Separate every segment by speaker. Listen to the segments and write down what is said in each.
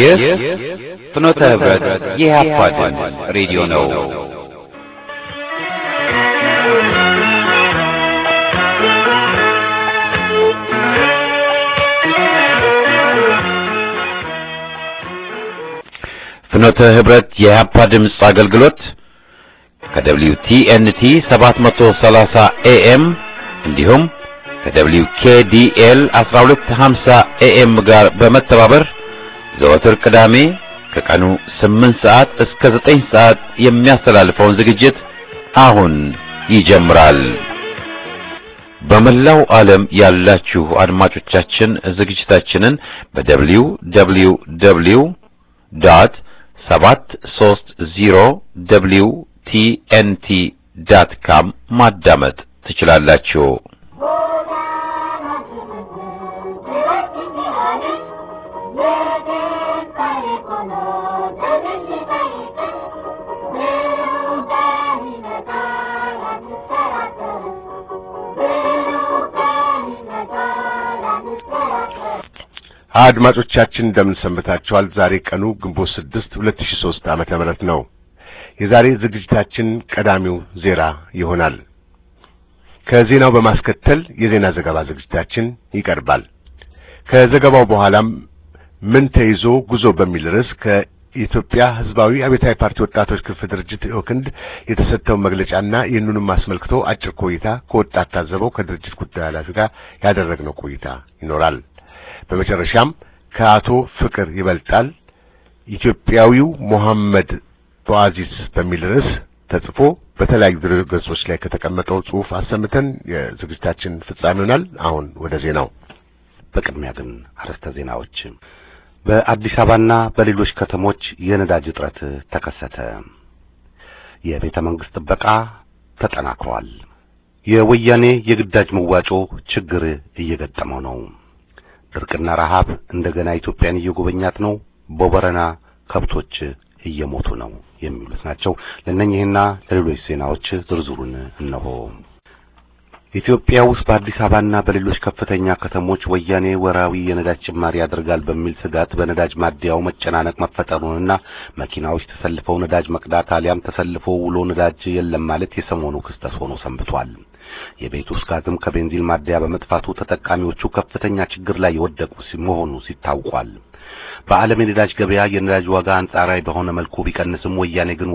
Speaker 1: ይህ ፍኖተ ህብረት የኢህአፓ ድምፅ ሬዲዮ ነው። ፍኖተ ህብረት የኢህአፓ ድምፅ አገልግሎት ከደብሊው ቲኤንቲ 730 ኤኤም እንዲሁም ከደብሊው ኬዲኤል 1250 ኤኤም ጋር በመተባበር ዘወትር ቅዳሜ ከቀኑ ስምንት ሰዓት እስከ ዘጠኝ ሰዓት የሚያስተላልፈውን ዝግጅት አሁን ይጀምራል። በመላው ዓለም ያላችሁ አድማጮቻችን ዝግጅታችንን በደብሊው ደብሊው ደብሊው ዶት ሰባት ሶስት ዜሮ ደብሊው ቲኤንቲ ዳት ካም ማዳመጥ ትችላላችሁ።
Speaker 2: አድማጮቻችን እንደምን ሰንብታችኋል? ዛሬ ቀኑ ግንቦት 6 2003 ዓመተ ምህረት ነው። የዛሬ ዝግጅታችን ቀዳሚው ዜና ይሆናል። ከዜናው በማስከተል የዜና ዘገባ ዝግጅታችን ይቀርባል። ከዘገባው በኋላም ምን ተይዞ ጉዞ በሚል ርዕስ ከኢትዮጵያ ሕዝባዊ አብዮታዊ ፓርቲ ወጣቶች ክንፍ ድርጅት ኦክንድ የተሰጠውን መግለጫና ይህንንም አስመልክቶ አጭር ቆይታ ከወጣት ታዘበው ከድርጅት ጉዳይ ኃላፊ ጋር ያደረግነው ቆይታ ይኖራል። በመጨረሻም ከአቶ ፍቅር ይበልጣል ኢትዮጵያዊው ሞሐመድ ጧዚዝ በሚል ርዕስ ተጽፎ በተለያዩ ድረገጾች ላይ ከተቀመጠው ጽሑፍ አሰምተን የዝግጅታችን ፍጻሜ
Speaker 3: ይሆናል። አሁን ወደ ዜናው። በቅድሚያ ግን አርዕስተ ዜናዎች። በአዲስ አበባና በሌሎች ከተሞች የነዳጅ እጥረት ተከሰተ። የቤተ መንግሥት ጥበቃ ተጠናክሯል። የወያኔ የግዳጅ መዋጮ ችግር እየገጠመው ነው። ድርቅና ረሃብ እንደገና ኢትዮጵያን እየጎበኛት ነው፣ በቦረና ከብቶች እየሞቱ ነው የሚሉት ናቸው። ለእነኚህና ለሌሎች ዜናዎች ዝርዝሩን እነሆ። ኢትዮጵያ ውስጥ በአዲስ አበባና በሌሎች ከፍተኛ ከተሞች ወያኔ ወራዊ የነዳጅ ጭማሪ ያደርጋል በሚል ስጋት በነዳጅ ማደያው መጨናነቅ መፈጠሩንና መኪናዎች ተሰልፈው ነዳጅ መቅዳት አሊያም ተሰልፎ ውሎ ነዳጅ የለም ማለት የሰሞኑ ክስተት ሆኖ ሰንብቷል። የቤት ውስጥ ጋዝም ከቤንዚን ማደያ በመጥፋቱ ተጠቃሚዎቹ ከፍተኛ ችግር ላይ የወደቁ መሆኑ ሲታውቋል። በዓለም የነዳጅ ገበያ የነዳጅ ዋጋ አንጻራዊ በሆነ መልኩ ቢቀንስም ወያኔ ግን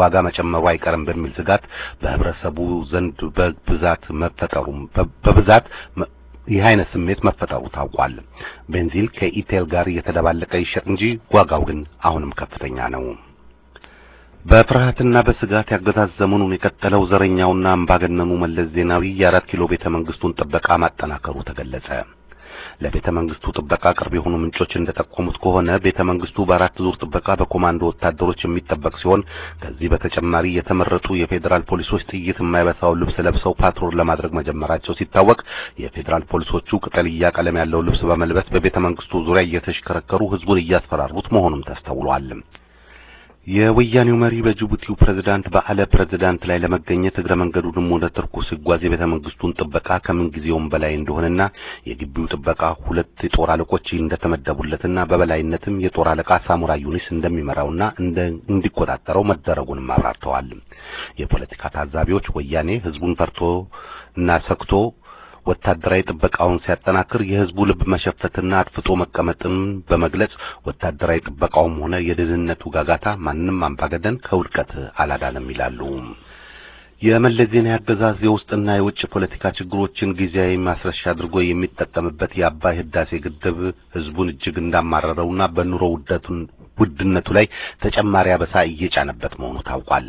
Speaker 3: ዋጋ መጨመሩ አይቀርም በሚል ስጋት በህብረተሰቡ ዘንድ በብዛት መፈጠሩም በብዛት ይህ አይነት ስሜት መፈጠሩ ታውቋል። ቤንዚል ከኢቴል ጋር እየተደባለቀ ይሸጥ እንጂ ዋጋው ግን አሁንም ከፍተኛ ነው። በፍርሃትና በስጋት ያገዛዝ ዘመኑን የቀጠለው ዘረኛውና አምባገነኑ መለስ ዜናዊ የአራት ኪሎ ቤተ መንግስቱን ጥበቃ ማጠናከሩ ተገለጸ። ለቤተ መንግስቱ ጥበቃ ቅርብ የሆኑ ምንጮች እንደጠቆሙት ከሆነ ቤተ መንግስቱ በአራት ዙር ጥበቃ በኮማንዶ ወታደሮች የሚጠበቅ ሲሆን ከዚህ በተጨማሪ የተመረጡ የፌዴራል ፖሊሶች ጥይት የማይበሳው ልብስ ለብሰው ፓትሮል ለማድረግ መጀመራቸው ሲታወቅ የፌዴራል ፖሊሶቹ ቅጠልያ ቀለም ያለው ልብስ በመልበስ በቤተ መንግስቱ ዙሪያ እየተሽከረከሩ ህዝቡን እያስፈራሩት መሆኑም ተስተውሏል። የወያኔው መሪ በጅቡቲው ፕሬዝዳንት በዓለ ፕሬዝዳንት ላይ ለመገኘት እግረ መንገዱንም ወደ ተርኩ ሲጓዝ የቤተ መንግስቱን ጥበቃ ጊዜውም በላይ እንደሆነና የግቢው ጥበቃ ሁለት የጦር አለቆች እንደተመደቡለትና በበላይነትም የጦር አለቃ ሳሙራ ዩኒስ እንደሚመራውና እንዲቆጣጠረው መደረጉንም አብራርተዋል። የፖለቲካ ታዛቢዎች ወያኔ ህዝቡን ፈርቶ እና ሰክቶ ወታደራዊ ጥበቃውን ሲያጠናክር የህዝቡ ልብ መሸፈትና አድፍጦ መቀመጥን በመግለጽ ወታደራዊ ጥበቃውም ሆነ የደህንነቱ ጋጋታ ማንንም አምባገነን ከውድቀት አላዳንም ይላሉ። የመለስ ዜናዊ አገዛዝ የውስጥና የውጭ ፖለቲካ ችግሮችን ጊዜያዊ ማስረሻ አድርጎ የሚጠቀምበት የአባይ ህዳሴ ግድብ ህዝቡን እጅግ እንዳማረረውና በኑሮ ውድነቱ ላይ ተጨማሪ አበሳ እየጫነበት መሆኑ ታውቋል።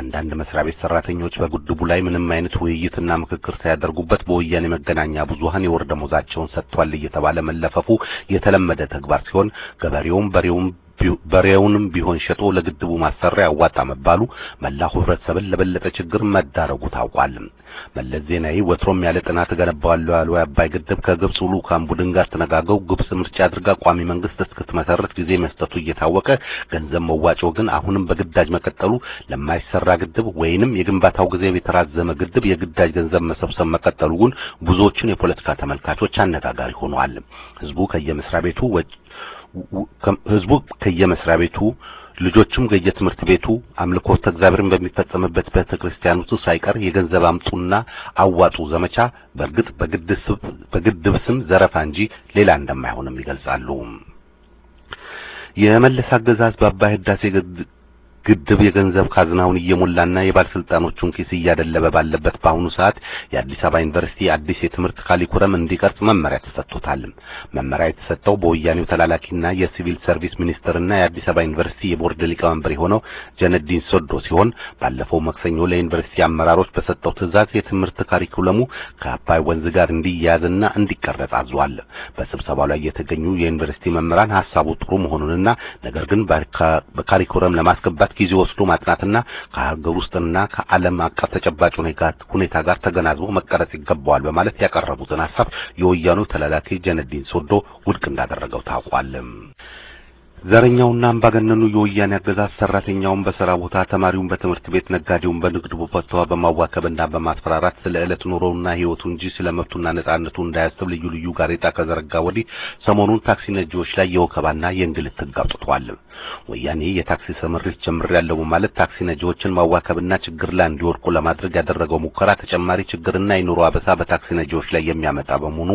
Speaker 3: አንዳንድ መስሪያ ቤት ሰራተኞች በግድቡ ላይ ምንም አይነት ውይይትና ምክክር ሳያደርጉበት በወያኔ መገናኛ ብዙሃን የወር ደመወዛቸውን ሰጥቷል እየተባለ መለፈፉ የተለመደ ተግባር ሲሆን ገበሬውም በሬውም በሬውንም ቢሆን ሸጦ ለግድቡ ማሰሪያ ያዋጣ መባሉ መላው ህብረተሰብን ለበለጠ ችግር መዳረጉ ታውቋል። መለስ ዜናዊ ወትሮም ያለ ጥናት ገነባዋለሁ ያለው የአባይ ግድብ ከግብጽ ልዑካን ቡድን ጋር ተነጋገው ግብጽ ምርጫ አድርጋ ቋሚ መንግስት እስክትመሰረት ጊዜ መስጠቱ እየታወቀ ገንዘብ መዋጮ ግን አሁንም በግዳጅ መቀጠሉ ለማይሰራ ግድብ ወይንም የግንባታው ጊዜ የተራዘመ ግድብ የግዳጅ ገንዘብ መሰብሰብ መቀጠሉ ግን ብዙዎችን የፖለቲካ ተመልካቾች አነጋጋሪ ሆኗል። ህዝቡ ከየመስሪያ ቤቱ ህዝቡ ከየመስሪያ ቤቱ ልጆችም ከየትምህርት ቤቱ አምልኮ እግዚአብሔርን በሚፈጸምበት ቤተክርስቲያን ውስጥ ሳይቀር የገንዘብ አምጡና አዋጡ ዘመቻ በእርግጥ በግድብ ስም ዘረፋ እንጂ ሌላ እንደማይሆንም ይገልጻሉ። የመለስ አገዛዝ በአባይ ህዳሴ ግድብ የገንዘብ ካዝናውን እየሞላና የባለስልጣኖቹን ኪስ እያደለበ ባለበት በአሁኑ ሰዓት የአዲስ አበባ ዩኒቨርሲቲ አዲስ የትምህርት ካሊኩለም እንዲቀርጽ መመሪያ ተሰጥቶታል። መመሪያ የተሰጠው በወያኔው ተላላኪና የሲቪል ሰርቪስ ሚኒስትርና የአዲስ አበባ ዩኒቨርሲቲ የቦርድ ሊቀመንበር የሆነው ጀነዲን ሶዶ ሲሆን ባለፈው መክሰኞ ለዩኒቨርሲቲ አመራሮች በሰጠው ትዕዛዝ የትምህርት ካሪኩለሙ ከአባይ ወንዝ ጋር እንዲያያዝና እንዲቀረጽ አዟል። በስብሰባው ላይ የተገኙ የዩኒቨርሲቲ መምህራን ሀሳቡ ጥሩ መሆኑንና ነገር ግን በካሪኩለም ለማስገባት ጊዜ ወስዶ ማጥናትና ከሀገር ውስጥና ከዓለም አቀፍ ተጨባጭ ሁኔታ ጋር ተገናዝቦ መቀረጽ ይገባዋል በማለት ያቀረቡትን ሀሳብ የወያኑ ተላላኪ ጀነዲን ሶዶ ውድቅ እንዳደረገው ታውቋል። ዘረኛውና አምባገነኑ የወያኔ አገዛዝ ሰራተኛውን በስራ ቦታ፣ ተማሪውን በትምህርት ቤት፣ ነጋዴውን በንግድ ቦታ በማዋከብና በማስፈራራት ስለ ዕለት ኑሮውና ሕይወቱ እንጂ ስለ መብቱና ነጻነቱ እንዳያስብ ልዩ ልዩ ጋሬጣ ከዘረጋ ወዲህ ሰሞኑን ታክሲ ነጂዎች ላይ የወከባና የእንግልት ሕግ ወያኔ የታክሲ ስምሪት ጀምሬያለሁ በማለት ታክሲ ነጂዎችን ማዋከብና ችግር ላይ እንዲወድቁ ለማድረግ ያደረገው ሙከራ ተጨማሪ ችግርና የኑሮ አበሳ በታክሲ ነጂዎች ላይ የሚያመጣ በመሆኑ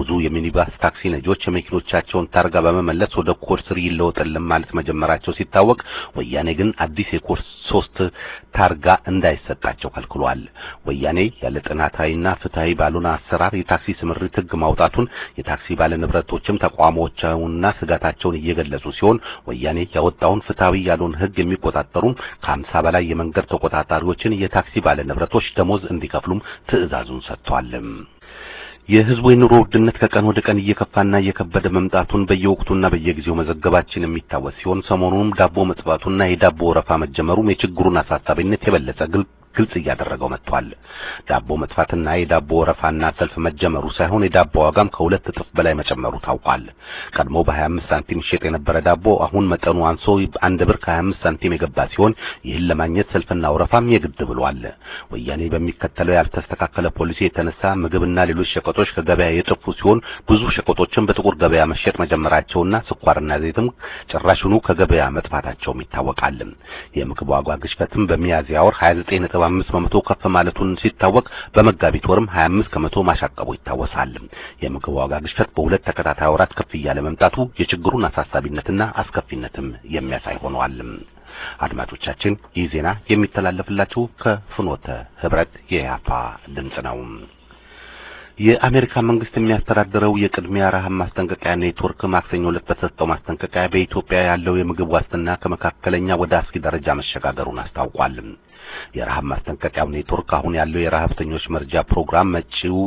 Speaker 3: ብዙ የሚኒባስ ታክሲ ነጂዎች የመኪኖቻቸውን ታርጋ በመመለስ ወደ ኮድ ስር አልለውጥልም ማለት መጀመራቸው ሲታወቅ፣ ወያኔ ግን አዲስ የኮርስ ሶስት ታርጋ እንዳይሰጣቸው ከልክሏል። ወያኔ ያለ ጥናታዊና ፍትሃዊ ባልሆነ አሰራር የታክሲ ስምሪት ህግ ማውጣቱን የታክሲ ባለንብረቶችም ተቋሞቻቸውንና ስጋታቸውን እየገለጹ ሲሆን ወያኔ ያወጣውን ፍትሃዊ ያልሆነ ህግ የሚቆጣጠሩም ከአምሳ በላይ የመንገድ ተቆጣጣሪዎችን የታክሲ ባለንብረቶች ደሞዝ እንዲከፍሉም ትዕዛዙን ሰጥቷል። የህዝቡ የኑሮ ውድነት ከቀን ወደ ቀን እየከፋና እየከበደ መምጣቱን በየወቅቱና በየጊዜው መዘገባችን የሚታወስ ሲሆን ሰሞኑንም ዳቦ መጥባቱና የዳቦ ወረፋ መጀመሩም የችግሩን አሳሳቢነት የበለጠ ግልጽ ግልጽ እያደረገው መጥቷል። ዳቦ መጥፋትና የዳቦ ወረፋና ሰልፍ መጀመሩ ሳይሆን የዳቦ ዋጋም ከሁለት እጥፍ በላይ መጨመሩ ታውቋል። ቀድሞ በ25 ሳንቲም ይሸጥ የነበረ ዳቦ አሁን መጠኑ አንሶ አንድ ብር ከ25 ሳንቲም የገባ ሲሆን ይህን ለማግኘት ሰልፍና ወረፋም የግድ ብሏል። ወያኔ በሚከተለው ያልተስተካከለ ፖሊሲ የተነሳ ምግብና ሌሎች ሸቀጦች ከገበያ የጠፉ ሲሆን ብዙ ሸቀጦችን በጥቁር ገበያ መሸጥ መጀመራቸውና ስኳርና ዘይትም ጭራሽኑ ከገበያ መጥፋታቸውም ይታወቃል። የምግብ ዋጋ ግሽበትም በሚያዝያ ወር 29 በ በመቶ ከፍ ማለቱን ሲታወቅ በመጋቢት ወርም 25 ከመቶ ማሻቀቡ ይታወሳል። የምግብ ዋጋ ግሽበት በሁለት ተከታታይ ወራት ከፍ እያለ መምጣቱ የችግሩን አሳሳቢነትና አስከፊነትም የሚያሳይ ሆኗል። አድማጮቻችን፣ ይህ ዜና የሚተላለፍላችሁ ከፍኖተ ህብረት የያፋ ድምጽ ነው። የአሜሪካ መንግስት የሚያስተዳድረው የቅድሚያ ረሃብ ማስጠንቀቂያ ኔትወርክ ማክሰኞ ዕለት በሰጠው ማስጠንቀቂያ በኢትዮጵያ ያለው የምግብ ዋስትና ከመካከለኛ ወደ አስጊ ደረጃ መሸጋገሩን አስታውቋል። የረሃብ ማስጠንቀቂያው ኔትወርክ አሁን ያለው የረሃብተኞች መርጃ ፕሮግራም መጪው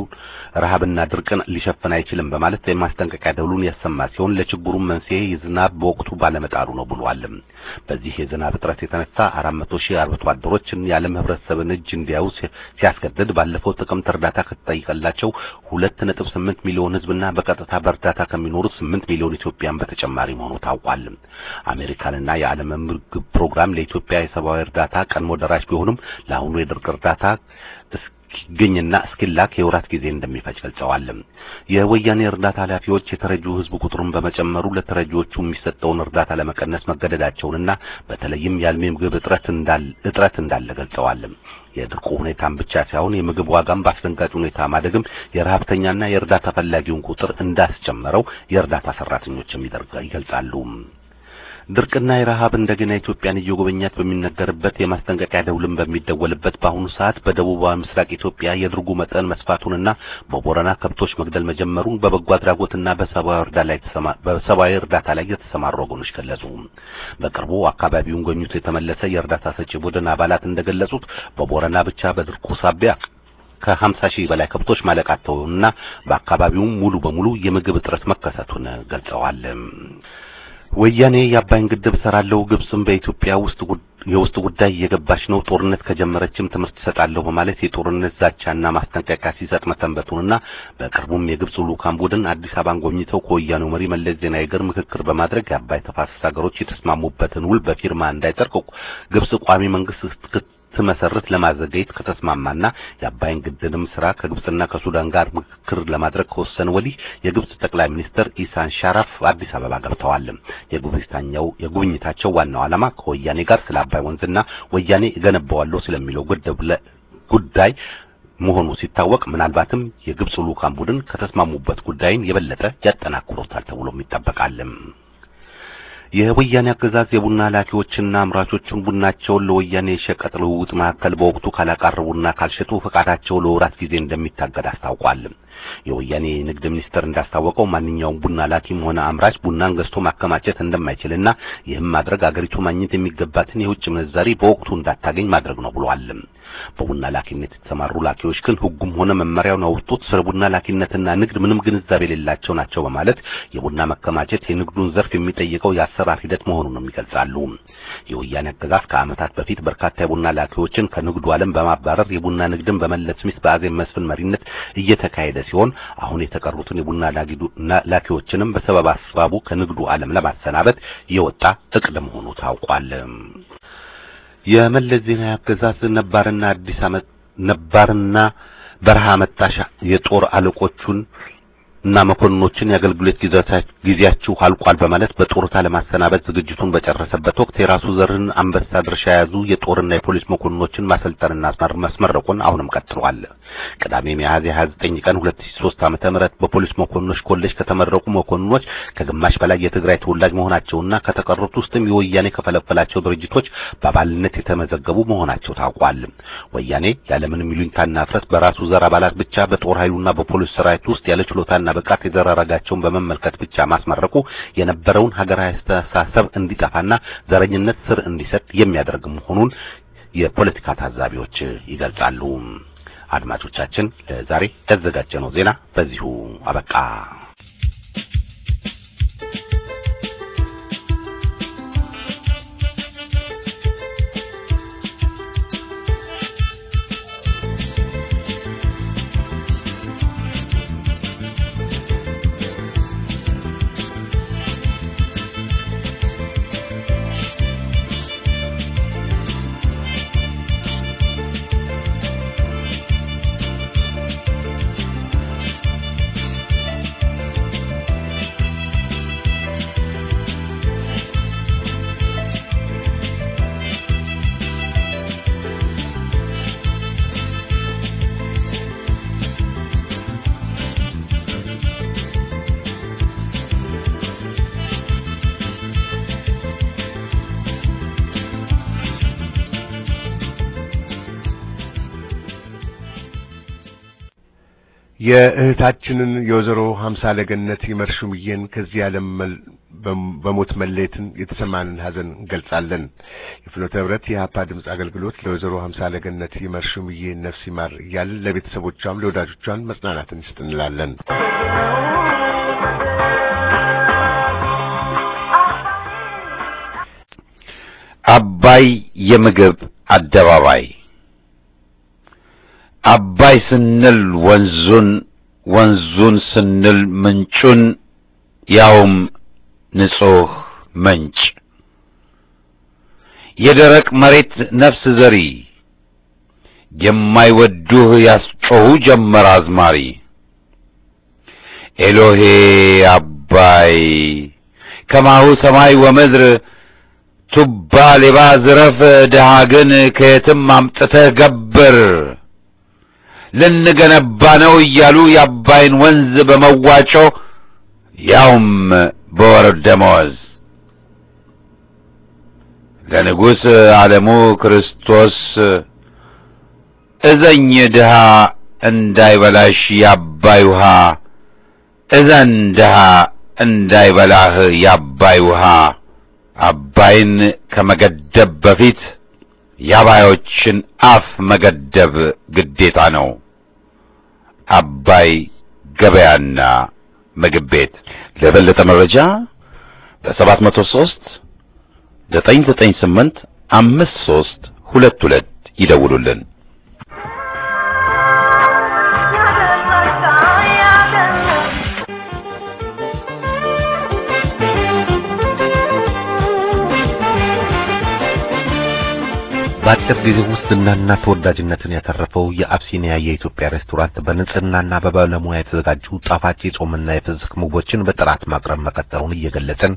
Speaker 3: ረሃብና ድርቅን ሊሸፍን አይችልም በማለት የማስጠንቀቂያ ደውሉን ያሰማ ሲሆን ለችግሩም መንስኤ የዝናብ በወቅቱ ባለመጣሉ ነው ብሏል። በዚህ የዝናብ እጥረት የተነሳ መቶ ሺህ አርብቶ አደሮች የዓለም ህብረተሰብን እጅ እንዲያዩ ሲያስገድድ ባለፈው ጥቅምት እርዳታ ነጥብ ስምንት ሚሊዮን ህዝብና በቀጥታ በእርዳታ ከሚኖሩት 8 ሚሊዮን ኢትዮጵያን በተጨማሪ መሆኑ ታውቋል። አሜሪካንና የዓለም ምግብ ፕሮግራም ለኢትዮጵያ የሰብአዊ እርዳታ ቀድሞ ደራሽ ቢሆንም ለአሁኑ የድርቅ እርዳታ እስኪገኝና እስኪላክ የወራት ጊዜ እንደሚፈጅ ገልጸዋል። የወያኔ እርዳታ ኃላፊዎች የተረጂው ህዝብ ቁጥሩን በመጨመሩ ለተረጂዎቹ የሚሰጠውን እርዳታ ለመቀነስ መገደዳቸውንና በተለይም የአልሚ ምግብ እጥረት እንዳለ ገልጸዋል። የድርቁ ሁኔታን ብቻ ሳይሆን የምግብ ዋጋም በአስደንጋጭ ሁኔታ ማደግም የረሀብተኛና የእርዳታ ፈላጊውን ቁጥር እንዳስጨመረው የእርዳታ ሰራተኞችም ይገልጻሉ። ድርቅና የረሃብ እንደገና ኢትዮጵያን እየጎበኛት በሚነገርበት የማስጠንቀቂያ ደውልም በሚደወልበት በአሁኑ ሰዓት በደቡባዊ ምስራቅ ኢትዮጵያ የድርጉ መጠን መስፋቱንና በቦረና ከብቶች መግደል መጀመሩን በበጎ አድራጎትና በሰብአዊ እርዳታ ላይ የተሰማሩ ወገኖች ገለጹ። በቅርቡ አካባቢውን ጎብኝቶ የተመለሰ የእርዳታ ሰጪ ቡድን አባላት እንደገለጹት በቦረና ብቻ በድርቁ ሳቢያ ከ50 ሺህ በላይ ከብቶች ማለቃቸውንና በአካባቢውም ሙሉ በሙሉ የምግብ እጥረት መከሰቱን ገልጸዋል። ወያኔ የአባይን ግድብ ሰራለው ግብጽም በኢትዮጵያ ውስጥ የውስጥ ጉዳይ እየገባች ነው፣ ጦርነት ከጀመረችም ትምህርት ትሰጣለሁ በማለት የጦርነት ዛቻና ማስጠንቀቂያ ሲሰጥ መሰንበቱንና በቅርቡም የግብጽ ልዑካን ቡድን አዲስ አበባን ጎብኝተው ከወያኔው መሪ መለስ ዜናዊ ጋር ምክክር በማድረግ የአባይ ተፋሰስ ሀገሮች የተስማሙበትን ውል በፊርማ እንዳይጠርቁ ግብጽ ቋሚ መንግስት ስትመሰርት ለማዘገየት ከተስማማና የአባይን ግድብም ስራ ከግብጽና ከሱዳን ጋር ምክክር ለማድረግ ከወሰነ ወዲህ የግብጽ ጠቅላይ ሚኒስትር ኢሳን ሻራፍ አዲስ አበባ ገብተዋል። የጉብኝታቸው ዋናው ዓላማ ከወያኔ ጋር ስለ አባይ ወንዝና ወያኔ እገነባዋለሁ ስለሚለው ጉዳይ መሆኑ ሲታወቅ ምናልባትም የግብጽ ልኡካን ቡድን ከተስማሙበት ጉዳይን የበለጠ ያጠናክሮታል ተብሎም ይጠበቃል። የወያኔ አገዛዝ የቡና ላኪዎችና አምራቾችን ቡናቸውን ለወያኔ የሸቀጥ ልውውጥ ማዕከል በወቅቱ ካላቀረቡና ካልሸጡ ፈቃዳቸው ለወራት ጊዜ እንደሚታገድ አስታውቋል። የወያኔ ንግድ ሚኒስቴር እንዳስታወቀው ማንኛውም ቡና ላኪም ሆነ አምራች ቡናን ገዝቶ ማከማቸት እንደማይችልና ይህም ማድረግ አገሪቱ ማግኘት የሚገባትን የውጭ ምንዛሪ በወቅቱ እንዳታገኝ ማድረግ ነው ብሏል። በቡና ላኪነት የተሰማሩ ላኪዎች ግን ህጉም ሆነ መመሪያውን አውጥቶት ስለ ቡና ላኪነትና ንግድ ምንም ግንዛቤ የሌላቸው ናቸው በማለት የቡና መከማቸት የንግዱን ዘርፍ የሚጠይቀው የአሰራር ሂደት መሆኑንም ይገልጻሉ። የወያኔ አገዛዝ ከአመታት በፊት በርካታ የቡና ላኪዎችን ከንግዱ ዓለም በማባረር የቡና ንግድን በመለስ ስሚት በአዜብ መስፍን መሪነት እየተካሄደ ሲሆን አሁን የተቀሩትን የቡና ላኪዎችንም በሰበብ አስባቡ ከንግዱ ዓለም ለማሰናበት የወጣ እቅድ መሆኑ ታውቋል። የመለስ ዜናዊ አገዛዝ ነባርና አዲስ ነባርና በረሃ መጣሻ የጦር አለቆቹን እና መኮንኖችን የአገልግሎት ጊዜያችሁ አልቋል በማለት በጡረታ ለማሰናበት ዝግጅቱን በጨረሰበት ወቅት የራሱ ዘርን አንበሳ ድርሻ የያዙ የጦርና የፖሊስ መኮንኖችን ማሰልጠንና ማስመረቁን አሁንም ቀጥሏል። ቅዳሜ ሚያዝያ 29 ቀን 2003 ዓ.ም በፖሊስ መኮንኖች ኮሌጅ ከተመረቁ መኮንኖች ከግማሽ በላይ የትግራይ ተወላጅ መሆናቸውና ከተቀሩት ውስጥም የወያኔ ከፈለፈላቸው ድርጅቶች በአባልነት የተመዘገቡ መሆናቸው ታውቋል። ወያኔ ያለምንም ይሉኝታና እፍረት በራሱ ዘር አባላት ብቻ በጦር ኃይሉና በፖሊስ ሰራዊት ውስጥ ያለ ችሎታና በብቃት የተደራረጋቸውን በመመልከት ብቻ ማስመረቁ የነበረውን ሀገራዊ አስተሳሰብ እንዲጠፋና ዘረኝነት ስር እንዲሰጥ የሚያደርግ መሆኑን የፖለቲካ ታዛቢዎች ይገልጻሉ። አድማጮቻችን፣ ለዛሬ ያዘጋጀነው ዜና በዚሁ አበቃ።
Speaker 2: የእህታችንን የወይዘሮ ሀምሳለ ለገነት ይመር ሹምዬን ከዚህ ዓለም በሞት መለየትን የተሰማንን ሀዘን እንገልጻለን። የፍኖተ ህብረት የሀፓ ድምፅ አገልግሎት ለወይዘሮ ሀምሳለ ለገነት ይመር ሹምዬ ነፍስ ይማር እያልን ለቤተሰቦቿም ለወዳጆቿን መጽናናትን ይስጥ እንላለን።
Speaker 1: አባይ የምግብ አደባባይ አባይ ስንል ወንዙን፣ ወንዙን ስንል ምንጩን፣ ያውም ንጹህ ምንጭ የደረቅ መሬት ነፍስ ዘሪ የማይወዱህ ያስጮኹ ጀመር አዝማሪ ኤሎሄ አባይ ከማሁ ሰማይ ወምድር ቱባ ሌባ ዝረፍ ድሃ ግን ከየትም አምጥተህ ገብር ልንገነባ ነው እያሉ የአባይን ወንዝ በመዋጮ ያውም በወር ደመወዝ ለንጉሥ ዓለሙ ክርስቶስ እዘኝ ድሃ እንዳይበላሽ የአባይ ውሃ እዘን ድሃ እንዳይበላህ የአባይ ውሃ አባይን ከመገደብ በፊት የአባዮችን አፍ መገደብ ግዴታ ነው። አባይ ገበያና ምግብ ቤት። ለበለጠ መረጃ በ መቶ ሶስት ዘጠኝ ሁለት ሁለት ይደውሉልን።
Speaker 3: በአጭር ጊዜ ውስጥ ዝናና ተወዳጅነትን ያተረፈው የአብሲኒያ የኢትዮጵያ ሬስቶራንት በንጽህናና በባለሙያ የተዘጋጁ ጣፋጭ የጾምና የፍስክ ምግቦችን በጥራት ማቅረብ መቀጠሉን እየገለጽን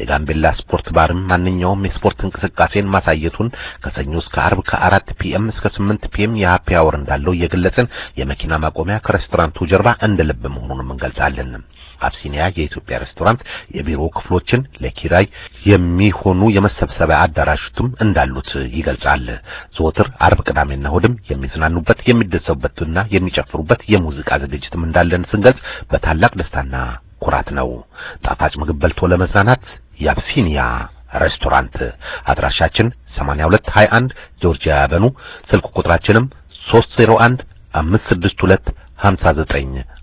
Speaker 3: የጋምቤላ ስፖርት ባርም ማንኛውም የስፖርት እንቅስቃሴን ማሳየቱን ከሰኞ እስከ አርብ ከአራት ፒኤም እስከ ስምንት ፒኤም የሀፒ አወር እንዳለው እየገለጽን የመኪና ማቆሚያ ከሬስቶራንቱ ጀርባ እንደ ልብ መሆኑንም እንገልጻለን። አብሲኒያ የኢትዮጵያ ሬስቶራንት የቢሮ ክፍሎችን ለኪራይ የሚሆኑ የመሰብሰቢያ አዳራሾችም እንዳሉት ይገልጻል። ዘወትር አርብ፣ ቅዳሜና እሁድም የሚዝናኑበት የሚደሰቡበትና የሚጨፍሩበት የሙዚቃ ዝግጅትም እንዳለን ስንገልጽ በታላቅ ደስታና ኩራት ነው። ጣፋጭ ምግብ በልቶ ለመዝናናት የአብሲኒያ ሬስቶራንት አድራሻችን 8221 ጆርጂያ ያበኑ ስልክ ቁጥራችንም 301 562 59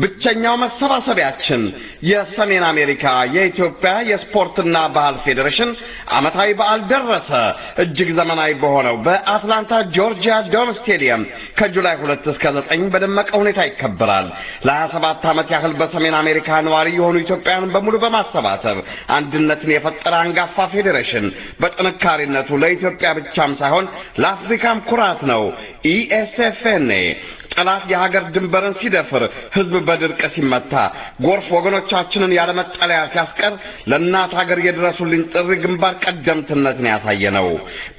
Speaker 4: ብቸኛው መሰባሰቢያችን የሰሜን አሜሪካ የኢትዮጵያ የስፖርትና ባህል ፌዴሬሽን ዓመታዊ በዓል ደረሰ። እጅግ ዘመናዊ በሆነው በአትላንታ ጆርጂያ ዶም ስቴዲየም ከጁላይ ሁለት እስከ ዘጠኝ በደመቀ ሁኔታ ይከበራል። ለሀያ ሰባት ዓመት ያህል በሰሜን አሜሪካ ነዋሪ የሆኑ ኢትዮጵያውያን በሙሉ በማሰባሰብ አንድነትን የፈጠረ አንጋፋ ፌዴሬሽን በጥንካሬነቱ ለኢትዮጵያ ብቻም ሳይሆን ለአፍሪካም ኩራት ነው። ኢኤስኤፍኤንኤ e ጠላት የሀገር ድንበርን ሲደፍር፣ ህዝብ በድርቅ ሲመታ፣ ጎርፍ ወገኖቻችንን ያለመጠለያ ሲያስቀር ለእናት ሀገር የድረሱልኝ ጥሪ ግንባር ቀደምትነትን ያሳየ ነው።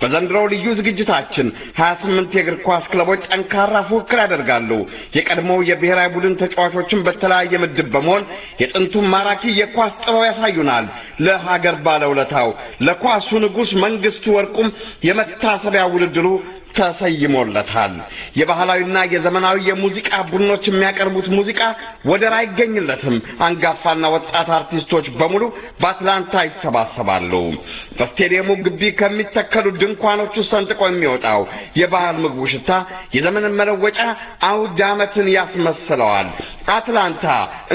Speaker 4: በዘንድሮው ልዩ ዝግጅታችን ሀያ ስምንት የእግር ኳስ ክለቦች ጠንካራ ፉክክር ያደርጋሉ። የቀድሞው የብሔራዊ ቡድን ተጫዋቾችን በተለያየ ምድብ በመሆን የጥንቱን ማራኪ የኳስ ጥበብ ያሳዩናል። ለሀገር ባለውለታው ለኳሱ ንጉሥ መንግስቱ ወርቁም የመታሰቢያ ውድድሩ ተሰይሞለታል። የባህላዊና የዘመናዊ የሙዚቃ ቡድኖች የሚያቀርቡት ሙዚቃ ወደር አይገኝለትም። አንጋፋና ወጣት አርቲስቶች በሙሉ በአትላንታ ይሰባሰባሉ። በስቴዲየሙ ግቢ ከሚተከሉ ድንኳኖች ውስጥ ሰንጥቆ የሚወጣው የባህል ምግቡ ሽታ የዘመንን መለወጫ አውድ ዓመትን ያስመስለዋል። አትላንታ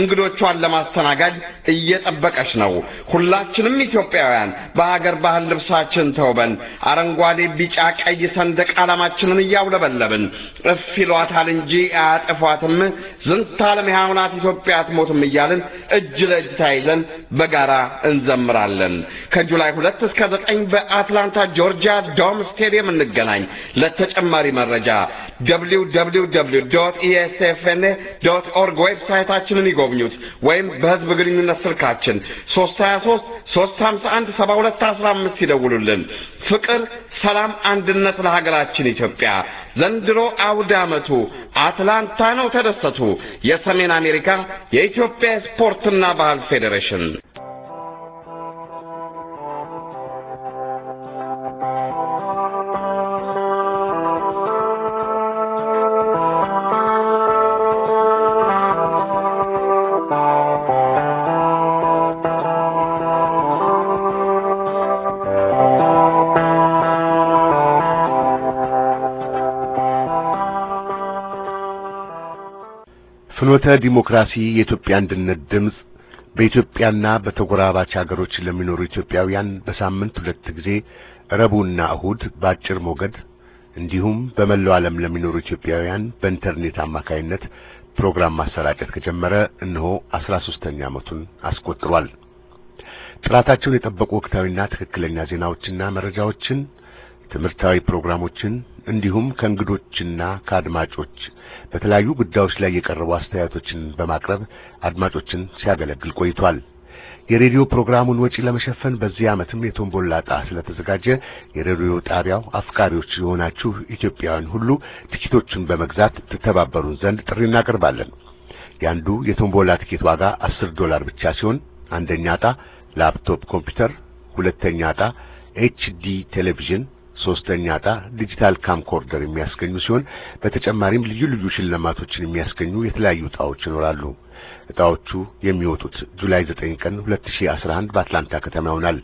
Speaker 4: እንግዶቿን ለማስተናገድ እየጠበቀች ነው። ሁላችንም ኢትዮጵያውያን በሀገር ባህል ልብሳችን ተውበን አረንጓዴ፣ ቢጫ፣ ቀይ ሰንደቅ ዓላማችንን እያውለበለብን እፍ ይሏታል እንጂ አያጠፏትም፣ ዝንታለም ሕያውናት ኢትዮጵያ አትሞትም እያልን እጅ ለእጅ ተያይዘን በጋራ እንዘምራለን። ከጁላይ ሁለት እስከ ዘጠኝ በአትላንታ ጆርጂያ ዶም ስቴዲየም እንገናኝ። ለተጨማሪ መረጃ ደብሊው ደብሊው ኦርግ ዌብሳይታችንን ይጎብኙት ወይም በሕዝብ ግንኙነት ስልካችን ሶስት ሀያ ሶስት ሶስት ሀምሳ አንድ ሰባ ሁለት አስራ አምስት ይደውሉልን። ፍቅር፣ ሰላም፣ አንድነት ለሀገራችን ኢትዮጵያ። ዘንድሮ አውደ ዓመቱ አትላንታ ነው። ተደሰቱ። የሰሜን አሜሪካ የኢትዮጵያ ስፖርትና ባህል ፌዴሬሽን
Speaker 2: ፍኖተ ዲሞክራሲ የኢትዮጵያ አንድነት ድምፅ በኢትዮጵያና በተጎራባች ሀገሮች ለሚኖሩ ኢትዮጵያውያን በሳምንት ሁለት ጊዜ ረቡዕና እሁድ በአጭር ሞገድ እንዲሁም በመላው ዓለም ለሚኖሩ ኢትዮጵያውያን በኢንተርኔት አማካይነት ፕሮግራም ማሰራጨት ከጀመረ እነሆ አስራ ኛ ዓመቱን አስቆጥሯል። ጥራታቸውን የጠበቁ ወቅታዊና ትክክለኛ ዜናዎችና መረጃዎችን፣ ትምህርታዊ ፕሮግራሞችን እንዲሁም ከእንግዶችና ከአድማጮች በተለያዩ ጉዳዮች ላይ የቀረቡ አስተያየቶችን በማቅረብ አድማጮችን ሲያገለግል ቆይቷል። የሬዲዮ ፕሮግራሙን ወጪ ለመሸፈን በዚህ ዓመትም የቶምቦላ ዕጣ ስለተዘጋጀ የሬዲዮ ጣቢያው አፍቃሪዎች የሆናችሁ ኢትዮጵያውያን ሁሉ ትኬቶችን በመግዛት ትተባበሩን ዘንድ ጥሪ እናቀርባለን። የአንዱ የቶምቦላ ትኬት ዋጋ አስር ዶላር ብቻ ሲሆን አንደኛ ዕጣ ላፕቶፕ ኮምፒውተር፣ ሁለተኛ ዕጣ ኤችዲ ቴሌቪዥን ሶስተኛ እጣ ዲጂታል ካምኮርደር የሚያስገኙ ሲሆን በተጨማሪም ልዩ ልዩ ሽልማቶችን የሚያስገኙ የተለያዩ እጣዎች ይኖራሉ። እጣዎቹ የሚወጡት ጁላይ 9 ቀን 2011 በአትላንታ ከተማ ይሆናል።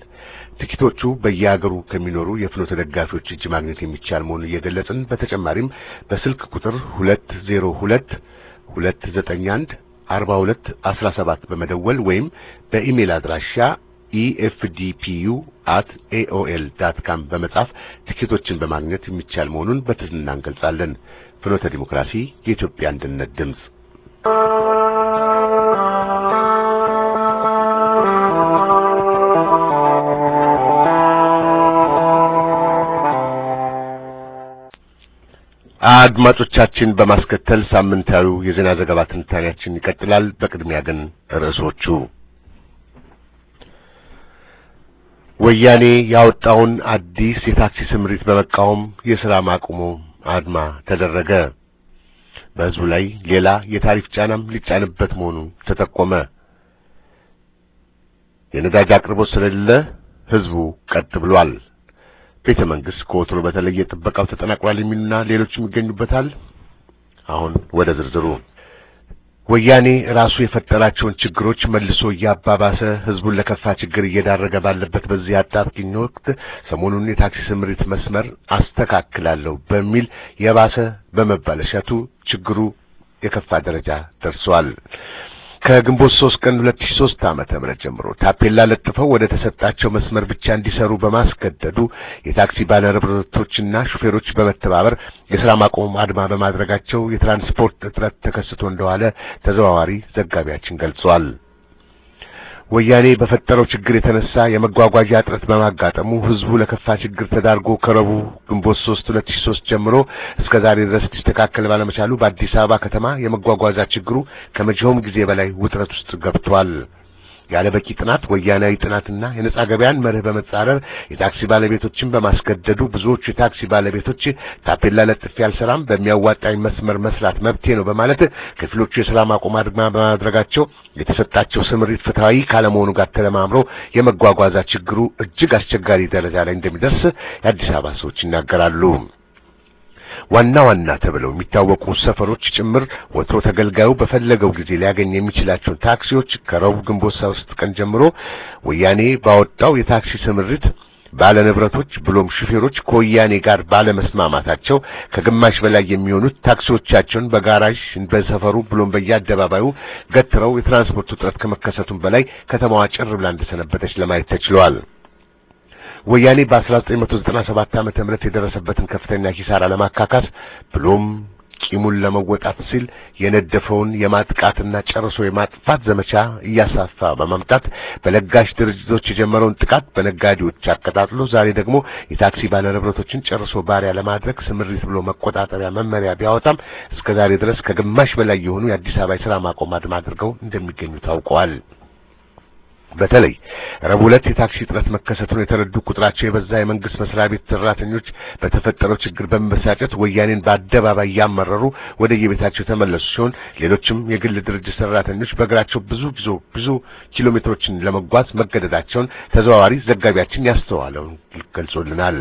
Speaker 2: ትኬቶቹ በየሀገሩ ከሚኖሩ የፍኖተ ደጋፊዎች እጅ ማግኘት የሚቻል መሆኑን እየገለጽን በተጨማሪም በስልክ ቁጥር 202 291 በመደወል ወይም በኢሜል አድራሻ ኢኤፍዲፒዩ አት ኤኦኤል ዳት ካም በመጻፍ ትኬቶችን በማግኘት የሚቻል መሆኑን በትህትና እንገልጻለን። ፍኖተ ዲሞክራሲ የኢትዮጵያ አንድነት ድምፅ አድማጮቻችን በማስከተል ሳምንታዊው የዜና ዘገባ ትንታኔያችን ይቀጥላል። በቅድሚያ ግን ርዕሶቹ ወያኔ ያወጣውን አዲስ የታክሲ ስምሪት በመቃወም የሥራ ማቆሙ አድማ ተደረገ። በሕዝቡ ላይ ሌላ የታሪፍ ጫናም ሊጫንበት መሆኑ ተጠቆመ። የነዳጅ አቅርቦት ስለሌለ ሕዝቡ ቀጥ ብሏል። ቤተ መንግሥት ከወትሮ በተለየ ጥበቃው ተጠናቅሯል የሚሉና ሌሎችም ይገኙበታል። አሁን ወደ ዝርዝሩ ወያኔ ራሱ የፈጠራቸውን ችግሮች መልሶ እያባባሰ ህዝቡን ለከፋ ችግር እየዳረገ ባለበት በዚህ አጣብቂኝ ወቅት ሰሞኑን የታክሲ ስምሪት መስመር አስተካክላለሁ በሚል የባሰ በመባለሻቱ ችግሩ የከፋ ደረጃ ደርሷል። ከግንቦት 3 ቀን 2003 ዓመተ ምህረት ጀምሮ ታፔላ ለጥፈው ወደ ተሰጣቸው መስመር ብቻ እንዲሰሩ በማስገደዱ የታክሲ ባለንብረቶችና ሹፌሮች በመተባበር የሥራ ማቆም አድማ በማድረጋቸው የትራንስፖርት እጥረት ተከስቶ እንደዋለ ተዘዋዋሪ ዘጋቢያችን ገልጿል። ወያኔ በፈጠረው ችግር የተነሳ የመጓጓዣ እጥረት በማጋጠሙ ህዝቡ ለከፋ ችግር ተዳርጎ ከረቡ ግንቦት 3 2003 ጀምሮ እስከ ዛሬ ድረስ ሊስተካከል ባለመቻሉ በአዲስ አበባ ከተማ የመጓጓዣ ችግሩ ከመቼውም ጊዜ በላይ ውጥረት ውስጥ ገብቷል። ያለ በቂ ጥናት ወያናዊ ጥናትና የነጻ ገበያን መርህ በመጻረር የታክሲ ባለቤቶችን በማስገደዱ ብዙዎቹ የታክሲ ባለቤቶች ታፔላ ለጥፌ አልሰራም፣ በሚያዋጣኝ መስመር መስራት መብቴ ነው በማለት ከፊሎቹ የስራ ማቆም አድማ በማድረጋቸው የተሰጣቸው ስምሪት ፍትሃዊ ካለመሆኑ ጋር ተለማምሮ የመጓጓዣ ችግሩ እጅግ አስቸጋሪ ደረጃ ላይ እንደሚደርስ የአዲስ አበባ ሰዎች ይናገራሉ። ዋና ዋና ተብለው የሚታወቁ ሰፈሮች ጭምር ወትሮ ተገልጋዩ በፈለገው ጊዜ ሊያገኝ የሚችላቸውን ታክሲዎች ከረቡዕ ግንቦት ሶስት ቀን ጀምሮ ወያኔ ባወጣው የታክሲ ስምሪት ባለ ንብረቶች ብሎም ሹፌሮች ከወያኔ ጋር ባለመስማማታቸው ከግማሽ በላይ የሚሆኑት ታክሲዎቻቸውን በጋራዥ በሰፈሩ ብሎም በየአደባባዩ ገትረው የትራንስፖርት ውጥረት ከመከሰቱም በላይ ከተማዋ ጭር ብላ እንደሰነበተች ለማየት ተችሏል። ወያኔ በ1997 ዓ.ም ምህረት የደረሰበትን ከፍተኛ ኪሳራ ለማካካስ ብሎም ቂሙን ለመወጣት ሲል የነደፈውን የማጥቃትና ጨርሶ የማጥፋት ዘመቻ እያሳፋ በመምጣት በለጋሽ ድርጅቶች የጀመረውን ጥቃት በነጋዴዎች አቀጣጥሎ ዛሬ ደግሞ የታክሲ ባለንብረቶችን ጨርሶ ባሪያ ለማድረግ ስምሪት ብሎ መቆጣጠሪያ መመሪያ ቢያወጣም እስከ ዛሬ ድረስ ከግማሽ በላይ የሆኑ የአዲስ አበባ የስራ ማቆም አድማ አድርገው እንደሚገኙ ታውቀዋል። በተለይ ረቡዕ ዕለት የታክሲ እጥረት መከሰቱን የተረዱ ቁጥራቸው የበዛ የመንግስት መስሪያ ቤት ሰራተኞች በተፈጠረው ችግር በመበሳጨት ወያኔን በአደባባይ እያመረሩ ወደ የቤታቸው የተመለሱ ሲሆን ሌሎችም የግል ድርጅት ሰራተኞች በእግራቸው ብዙ ጊዞ ብዙ ኪሎ ሜትሮችን ለመጓዝ መገደዳቸውን ተዘዋዋሪ ዘጋቢያችን ያስተዋለው ገልጾልናል።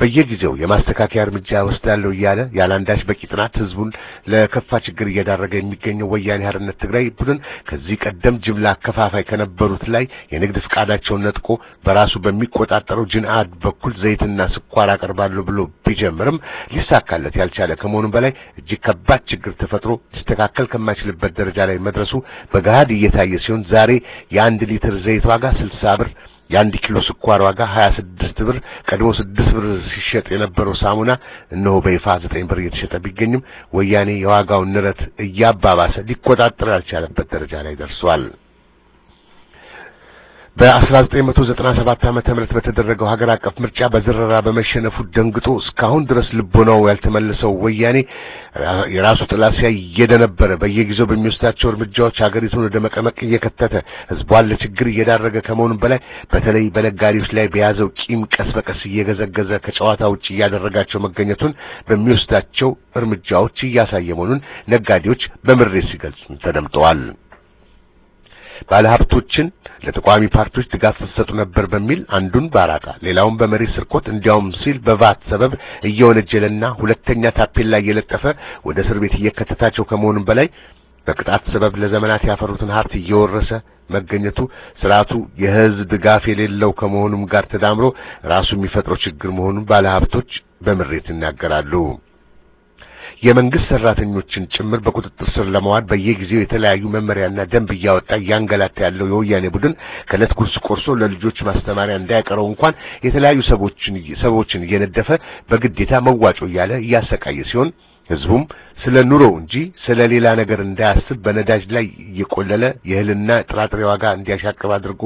Speaker 2: በየጊዜው የማስተካከያ እርምጃ ወስዳለሁ እያለ ያለ አንዳች በቂ ጥናት ህዝቡን ለከፋ ችግር እየዳረገ የሚገኘው ወያኔ ሓርነት ትግራይ ቡድን ከዚህ ቀደም ጅምላ አከፋፋይ ከነበሩት ላይ የንግድ ፍቃዳቸውን ነጥቆ በራሱ በሚቆጣጠረው ጅንአድ በኩል ዘይትና ስኳር አቀርባለሁ ብሎ ቢጀምርም ሊሳካለት ያልቻለ ከመሆኑም በላይ እጅግ ከባድ ችግር ተፈጥሮ ሊስተካከል ከማይችልበት ደረጃ ላይ መድረሱ በገሃድ እየታየ ሲሆን ዛሬ የአንድ ሊትር ዘይት ዋጋ 60 ብር የአንድ ኪሎ ስኳር ዋጋ 26 ብር ቀድሞ 6 ብር ሲሸጥ የነበረው ሳሙና እነሆ በይፋ 9 ብር እየተሸጠ ቢገኝም ወያኔ የዋጋውን ንረት እያባባሰ ሊቆጣጠር ያልቻለበት ደረጃ ላይ ደርሷል። በ1997 ዓመተ ምህረት በተደረገው ሀገር አቀፍ ምርጫ በዝረራ በመሸነፉ ደንግጦ እስካሁን ድረስ ልቦናው ያልተመለሰው ወያኔ የራሱ ጥላ ሲያየደ ነበረ። በየጊዜው በሚወስዳቸው እርምጃዎች ሀገሪቱን ወደ መቀመቅ እየከተተ ህዝቧን ለችግር እየዳረገ ከመሆኑም በላይ በተለይ በነጋዴዎች ላይ በያዘው ቂም ቀስ በቀስ እየገዘገዘ ከጨዋታ ውጭ እያደረጋቸው መገኘቱን በሚወስዳቸው እርምጃዎች እያሳየ መሆኑን ነጋዴዎች በምሬት ሲገልጹ ተደምጠዋል። ባለሀብቶችን ለተቃዋሚ ፓርቲዎች ድጋፍ ስትሰጡ ነበር በሚል አንዱን ባራቃ ሌላውን በመሬት ስርቆት እንዲያውም ሲል በቫት ሰበብ እየወነጀለና ሁለተኛ ታፔላ እየለጠፈ ወደ እስር ቤት እየከተታቸው ከመሆኑም በላይ በቅጣት ሰበብ ለዘመናት ያፈሩትን ሀብት እየወረሰ መገኘቱ ስርዓቱ የህዝብ ድጋፍ የሌለው ከመሆኑም ጋር ተዳምሮ ራሱ የሚፈጥረው ችግር መሆኑን ባለሀብቶች በምሬት ይናገራሉ። የመንግስት ሰራተኞችን ጭምር በቁጥጥር ስር ለማዋል በየጊዜው የተለያዩ መመሪያና ደንብ እያወጣ እያንገላታ ያለው የወያኔ ቡድን ከለት ጉርስ ቆርሶ ለልጆች ማስተማሪያ እንዳያቀረው እንኳን የተለያዩ ሰዎችን እየነደፈ በግዴታ መዋጮ እያለ እያሰቃየ ሲሆን ህዝቡም ስለ ኑሮው እንጂ ስለ ሌላ ነገር እንዳያስብ በነዳጅ ላይ እየቆለለ የእህልና ጥራጥሬ ዋጋ እንዲያሻቅብ አድርጎ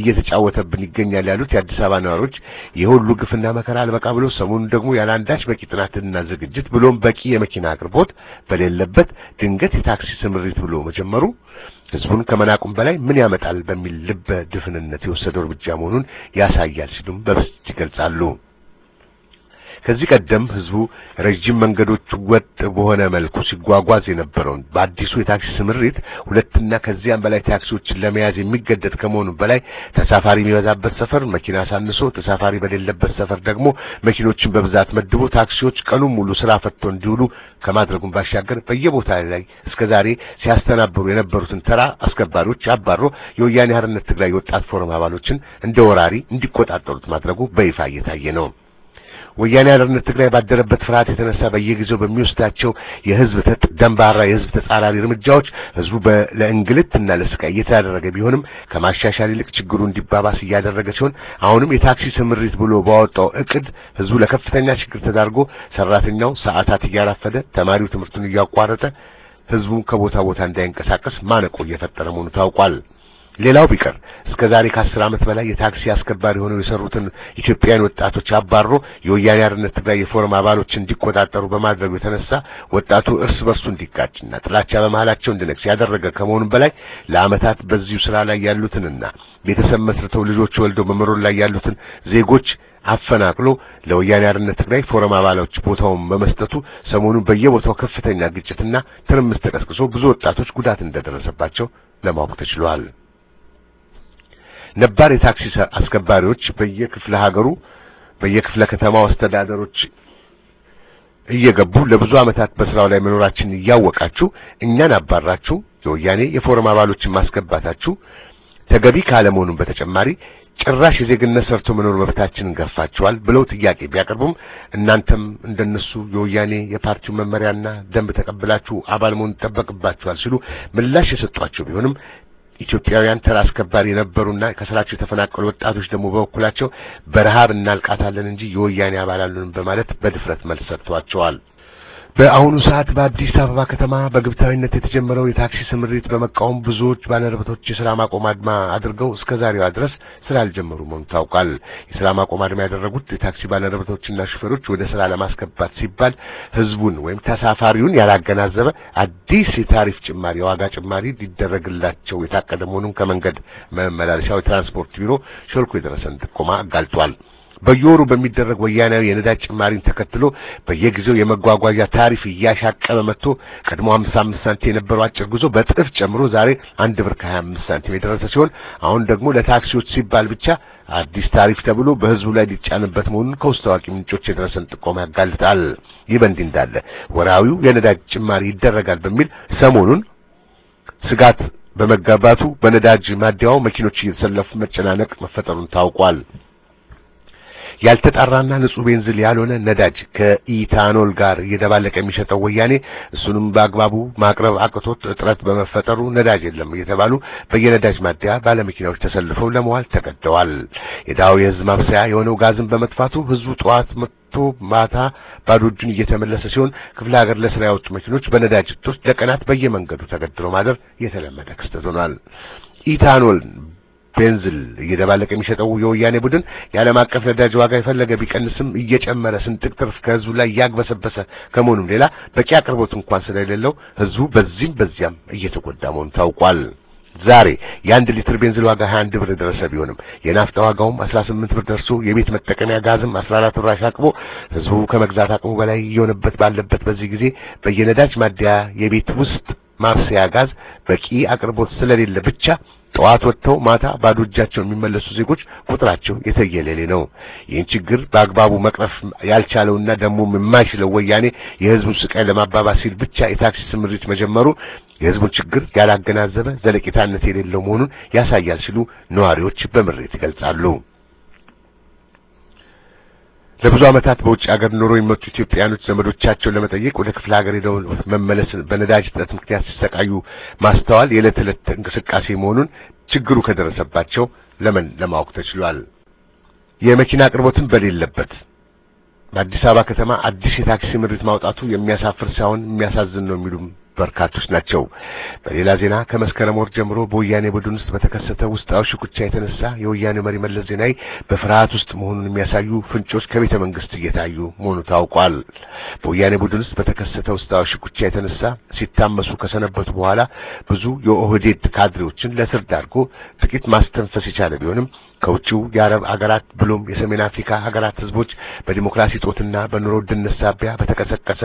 Speaker 2: እየተጫወተብን ይገኛል ያሉት የአዲስ አበባ ነዋሪዎች የሁሉ ግፍና መከራ አልበቃ ብሎ ሰሞኑን ደግሞ ያላንዳች በቂ ጥናትና ዝግጅት ብሎም በቂ የመኪና አቅርቦት በሌለበት ድንገት የታክሲ ስምሪት ብሎ መጀመሩ ህዝቡን ከመናቁም በላይ ምን ያመጣል በሚል ልበ ድፍንነት የወሰደው እርምጃ መሆኑን ያሳያል ሲሉም በብስጭት ይገልጻሉ። ከዚህ ቀደም ህዝቡ ረጅም መንገዶች ወጥ በሆነ መልኩ ሲጓጓዝ የነበረውን በአዲሱ የታክሲ ስምሪት ሁለትና ከዚያም በላይ ታክሲዎችን ለመያዝ የሚገደድ ከመሆኑ በላይ ተሳፋሪ የሚበዛበት ሰፈር መኪና አሳንሶ፣ ተሳፋሪ በሌለበት ሰፈር ደግሞ መኪኖችን በብዛት መድቦ ታክሲዎች ቀኑ ሙሉ ስራ ፈቶ እንዲውሉ ከማድረጉን ባሻገር በየቦታ ላይ እስከዛሬ ሲያስተናብሩ የነበሩትን ተራ አስከባሪዎች አባሮ የወያኔ ሀርነት ትግራይ የወጣት ፎረም አባሎችን እንደ ወራሪ እንዲቆጣጠሩት ማድረጉ በይፋ እየታየ ነው። ወያኔ አርነት ትግራይ ባደረበት ፍርሃት የተነሳ በየጊዜው በሚወስዳቸው የህዝብ ደንባራ የህዝብ ተጻራሪ እርምጃዎች ህዝቡ ለእንግልትና ለስቃይ እየተዳረገ ቢሆንም ከማሻሻል ይልቅ ችግሩ እንዲባባስ እያደረገ ሲሆን አሁንም የታክሲ ስምሪት ብሎ ባወጣው እቅድ ህዝቡ ለከፍተኛ ችግር ተዳርጎ ሰራተኛው ሰዓታት እያራፈደ ተማሪው ትምህርቱን እያቋረጠ ህዝቡ ከቦታ ቦታ እንዳይንቀሳቀስ ማነቆ እየፈጠረ መሆኑ ታውቋል። ሌላው ቢቀር እስከ ዛሬ ከአስር ዓመት በላይ የታክሲ አስከባሪ ሆነው የሰሩትን ኢትዮጵያውያን ወጣቶች አባሮ የወያኔ ሓርነት ትግራይ የፎረም አባሎች እንዲቆጣጠሩ በማድረጉ የተነሳ ወጣቱ እርስ በርሱ እንዲጋጭና ጥላቻ በመሃላቸው እንዲነግስ ያደረገ ከመሆኑም በላይ ለአመታት በዚሁ ስራ ላይ ያሉትንና ቤተሰብ መስርተው ልጆች ወልደው በመኖር ላይ ያሉትን ዜጎች አፈናቅሎ ለወያኔ አርነት ትግራይ ፎረም አባሎች ቦታውን በመስጠቱ ሰሞኑን በየቦታው ከፍተኛ ግጭትና ትርምስ ተቀስቅሶ ብዙ ወጣቶች ጉዳት እንደደረሰባቸው ለማወቅ ተችሏል። ነባር የታክሲ አስከባሪዎች በየክፍለ ሀገሩ በየክፍለ ከተማው አስተዳደሮች እየገቡ ለብዙ ዓመታት በስራው ላይ መኖራችን እያወቃችሁ እኛን አባራችሁ የወያኔ የፎረም አባሎችን ማስገባታችሁ ተገቢ ካለመሆኑ በተጨማሪ ጭራሽ የዜግነት ሰርቶ መኖር መብታችንን ገፋችኋል ብለው ጥያቄ ቢያቀርቡም እናንተም እንደነሱ የወያኔ የፓርቲው መመሪያና ደንብ ተቀብላችሁ አባል መሆን ይጠበቅባችኋል ሲሉ ምላሽ የሰጧቸው ቢሆንም ኢትዮጵያውያን ተራ አስከባሪ የነበሩና ከስራቸው የተፈናቀሉ ወጣቶች ደግሞ በበኩላቸው በረሃብ እናልቃታለን እንጂ የወያኔ አባል አልሆንም በማለት በድፍረት መልስ ሰጥቷቸዋል። በአሁኑ ሰዓት በአዲስ አበባ ከተማ በግብታዊነት የተጀመረው የታክሲ ስምሪት በመቃወም ብዙዎች ባለረበቶች የስራ ማቆም አድማ አድርገው እስከ ዛሬዋ ድረስ ስራ አልጀመሩ መሆኑ ታውቋል። የስራ ማቆም አድማ ያደረጉት የታክሲ ባለረበቶችና ሹፌሮች ወደ ስራ ለማስገባት ሲባል ህዝቡን ወይም ተሳፋሪውን ያላገናዘበ አዲስ የታሪፍ ጭማሪ፣ የዋጋ ጭማሪ ሊደረግላቸው የታቀደ መሆኑን ከመንገድ መመላለሻው የትራንስፖርት ቢሮ ሾልኮ የደረሰን ጥቆማ አጋልጧል። በየወሩ በሚደረግ ወያናዊ የነዳጅ ጭማሪን ተከትሎ በየጊዜው የመጓጓዣ ታሪፍ እያሻቀበ መጥቶ ቀድሞ 55 ሳንቲም የነበረው አጭር ጉዞ በጥፍ ጨምሮ ዛሬ አንድ ብር ከ25 ሳንቲም የደረሰ ሲሆን አሁን ደግሞ ለታክሲዎች ሲባል ብቻ አዲስ ታሪፍ ተብሎ በህዝቡ ላይ ሊጫንበት መሆኑን ከውስጥ ታዋቂ ምንጮች የደረሰን ጥቆማ ያጋልጣል። ይህ በእንዲህ እንዳለ ወራዊው የነዳጅ ጭማሪ ይደረጋል በሚል ሰሞኑን ስጋት በመጋባቱ በነዳጅ ማደያው መኪኖች እየተሰለፉ መጨናነቅ መፈጠሩን ታውቋል። ያልተጣራና ንጹህ ቤንዝል ያልሆነ ነዳጅ ከኢታኖል ጋር እየደባለቀ የሚሸጠው ወያኔ እሱንም በአግባቡ ማቅረብ አቅቶት እጥረት በመፈጠሩ ነዳጅ የለም እየተባሉ በየነዳጅ ማደያ ባለመኪናዎች ተሰልፈው ለመዋል ተገደዋል። የዳው የህዝብ ማብሰያ የሆነው ጋዝን በመጥፋቱ ህዝቡ ጠዋት መጥቶ ማታ ባዶ እጁን እየተመለሰ ሲሆን ክፍለ ሀገር ለስራ ያወጡ መኪኖች በነዳጅ እጦት ለቀናት በየመንገዱ ተገድሎ ማደር የተለመደ ክስተት ሆኗል። ኢታኖል ቤንዝል እየደባለቀ የሚሸጠው የወያኔ ቡድን የዓለም አቀፍ ነዳጅ ዋጋ የፈለገ ቢቀንስም እየጨመረ ስንጥቅ ትርፍ ከህዝቡ ላይ ያግበሰበሰ ከመሆኑም ሌላ በቂ አቅርቦት እንኳን ስለሌለው ህዝቡ በዚህም በዚያም እየተጎዳ መሆኑ ታውቋል። ዛሬ የአንድ ሊትር ቤንዝል ዋጋ 21 ብር ደረሰ ቢሆንም የናፍጣ ዋጋውም 18 ብር ደርሶ የቤት መጠቀሚያ ጋዝም 14 ብር አሻቅቦ ህዝቡ ከመግዛት አቅሙ በላይ እየሆነበት ባለበት በዚህ ጊዜ በየነዳጅ ማደያ የቤት ውስጥ ማብሰያ ጋዝ በቂ አቅርቦት ስለሌለ ብቻ ጠዋት ወጥተው ማታ ባዶ እጃቸው የሚመለሱ ዜጎች ቁጥራቸው የተየለሌ ነው። ይህን ችግር በአግባቡ መቅረፍ ያልቻለውና ደግሞ የማይችለው ወያኔ የህዝቡን ስቃይ ለማባባስ ሲል ብቻ የታክሲ ስምሪት መጀመሩ የህዝቡ ችግር ያላገናዘበ ዘለቂታነት የሌለው መሆኑን ያሳያል ሲሉ ነዋሪዎች በምሬት ይገልጻሉ። ለብዙ ዓመታት በውጭ ሀገር ኖሮ የሚመጡ ኢትዮጵያውያን ዘመዶቻቸውን ለመጠየቅ ወደ ክፍለ ሀገር ሄደው መመለስ በነዳጅ እጥረት ምክንያት ሲሰቃዩ ማስተዋል የዕለት ዕለት እንቅስቃሴ መሆኑን ችግሩ ከደረሰባቸው ለምን ለማወቅ ተችሏል። የመኪና አቅርቦትን በሌለበት በአዲስ አበባ ከተማ አዲስ የታክሲ ምሪት ማውጣቱ የሚያሳፍር ሳይሆን የሚያሳዝን ነው የሚሉም በርካቶች ናቸው። በሌላ ዜና ከመስከረም ወር ጀምሮ በወያኔ ቡድን ውስጥ በተከሰተ ውስጣዊ ሽኩቻ የተነሳ የወያኔው መሪ መለስ ዜናዊ በፍርሃት ውስጥ መሆኑን የሚያሳዩ ፍንጮች ከቤተ መንግስት እየታዩ መሆኑ ታውቋል። በወያኔ ቡድን ውስጥ በተከሰተ ውስጣዊ ሽኩቻ የተነሳ ሲታመሱ ከሰነበቱ በኋላ ብዙ የኦህዴድ ካድሬዎችን ለእስር ዳርጎ ጥቂት ማስተንፈስ የቻለ ቢሆንም ከውጭው የአረብ ሀገራት ብሎም የሰሜን አፍሪካ ሀገራት ህዝቦች በዲሞክራሲ ጦትና በኑሮ ውድነት ሳቢያ በተቀሰቀሰ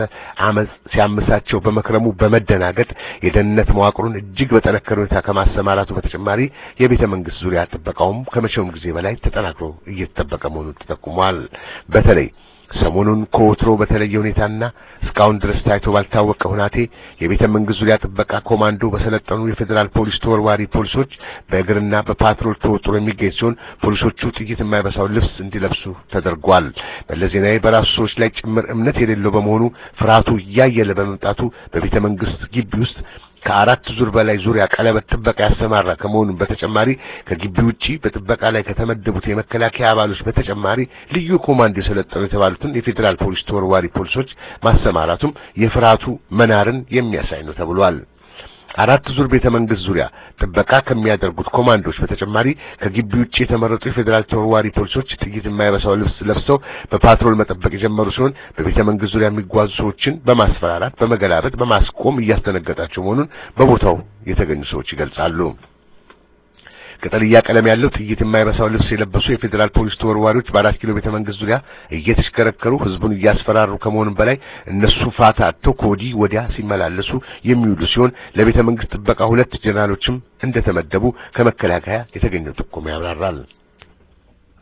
Speaker 2: አመፅ ሲያመሳቸው በመክረሙ በመደናገጥ የደህንነት መዋቅሩን እጅግ በጠነከረ ሁኔታ ከማሰማራቱ በተጨማሪ የቤተ መንግስት ዙሪያ ጥበቃውም ከመቼውም ጊዜ በላይ ተጠናክሮ እየተጠበቀ መሆኑን ተጠቁሟል። በተለይ ሰሞኑን ከወትሮ በተለየ ሁኔታና እስካሁን ድረስ ታይቶ ባልታወቀ ሁናቴ የቤተ መንግስት ዙሪያ ጥበቃ ኮማንዶ በሰለጠኑ የፌዴራል ፖሊስ ተወርዋሪ ፖሊሶች በእግርና በፓትሮል ተወጥሮ የሚገኝ ሲሆን ፖሊሶቹ ጥይት የማይበሳው ልብስ እንዲለብሱ ተደርጓል። መለስ ዜናዊ በራሱ ሰዎች ላይ ጭምር እምነት የሌለው በመሆኑ ፍርሃቱ እያየለ በመምጣቱ በቤተ መንግስት ግቢ ውስጥ ከአራት ዙር በላይ ዙሪያ ቀለበት ጥበቃ ያሰማራ ከመሆኑም በተጨማሪ ከግቢ ውጪ በጥበቃ ላይ ከተመደቡት የመከላከያ አባሎች በተጨማሪ ልዩ ኮማንድ የሰለጠኑ የተባሉትን የፌዴራል ፖሊስ ተወርዋሪ ፖሊሶች ማሰማራቱም የፍርሃቱ መናርን የሚያሳይ ነው ተብሏል። አራት ዙር ቤተ መንግስት ዙሪያ ጥበቃ ከሚያደርጉት ኮማንዶች በተጨማሪ ከግቢ ውጭ የተመረጡ የፌዴራል ተወርዋሪ ፖሊሶች ጥይት የማይበሳው ልብስ ለብሰው በፓትሮል መጠበቅ የጀመሩ ሲሆን በቤተ መንግስት ዙሪያ የሚጓዙ ሰዎችን በማስፈራራት፣ በመገላበጥ፣ በማስቆም እያስደነገጣቸው መሆኑን በቦታው የተገኙ ሰዎች ይገልጻሉ። ቅጠልያ ቀለም ያለው ጥይት የማይበሳው ልብስ የለበሱ የፌዴራል ፖሊስ ተወርዋሪዎች በአራት ኪሎ ቤተ መንግስት ዙሪያ እየተሽከረከሩ ህዝቡን እያስፈራሩ ከመሆኑም በላይ እነሱ ፋታ አጥተው ከወዲህ ወዲያ ሲመላለሱ የሚውሉ ሲሆን ለቤተ መንግስት ጥበቃ ሁለት ጀነራሎችም እንደተመደቡ ከመከላከያ የተገኘው ጥቆማ ያብራራል።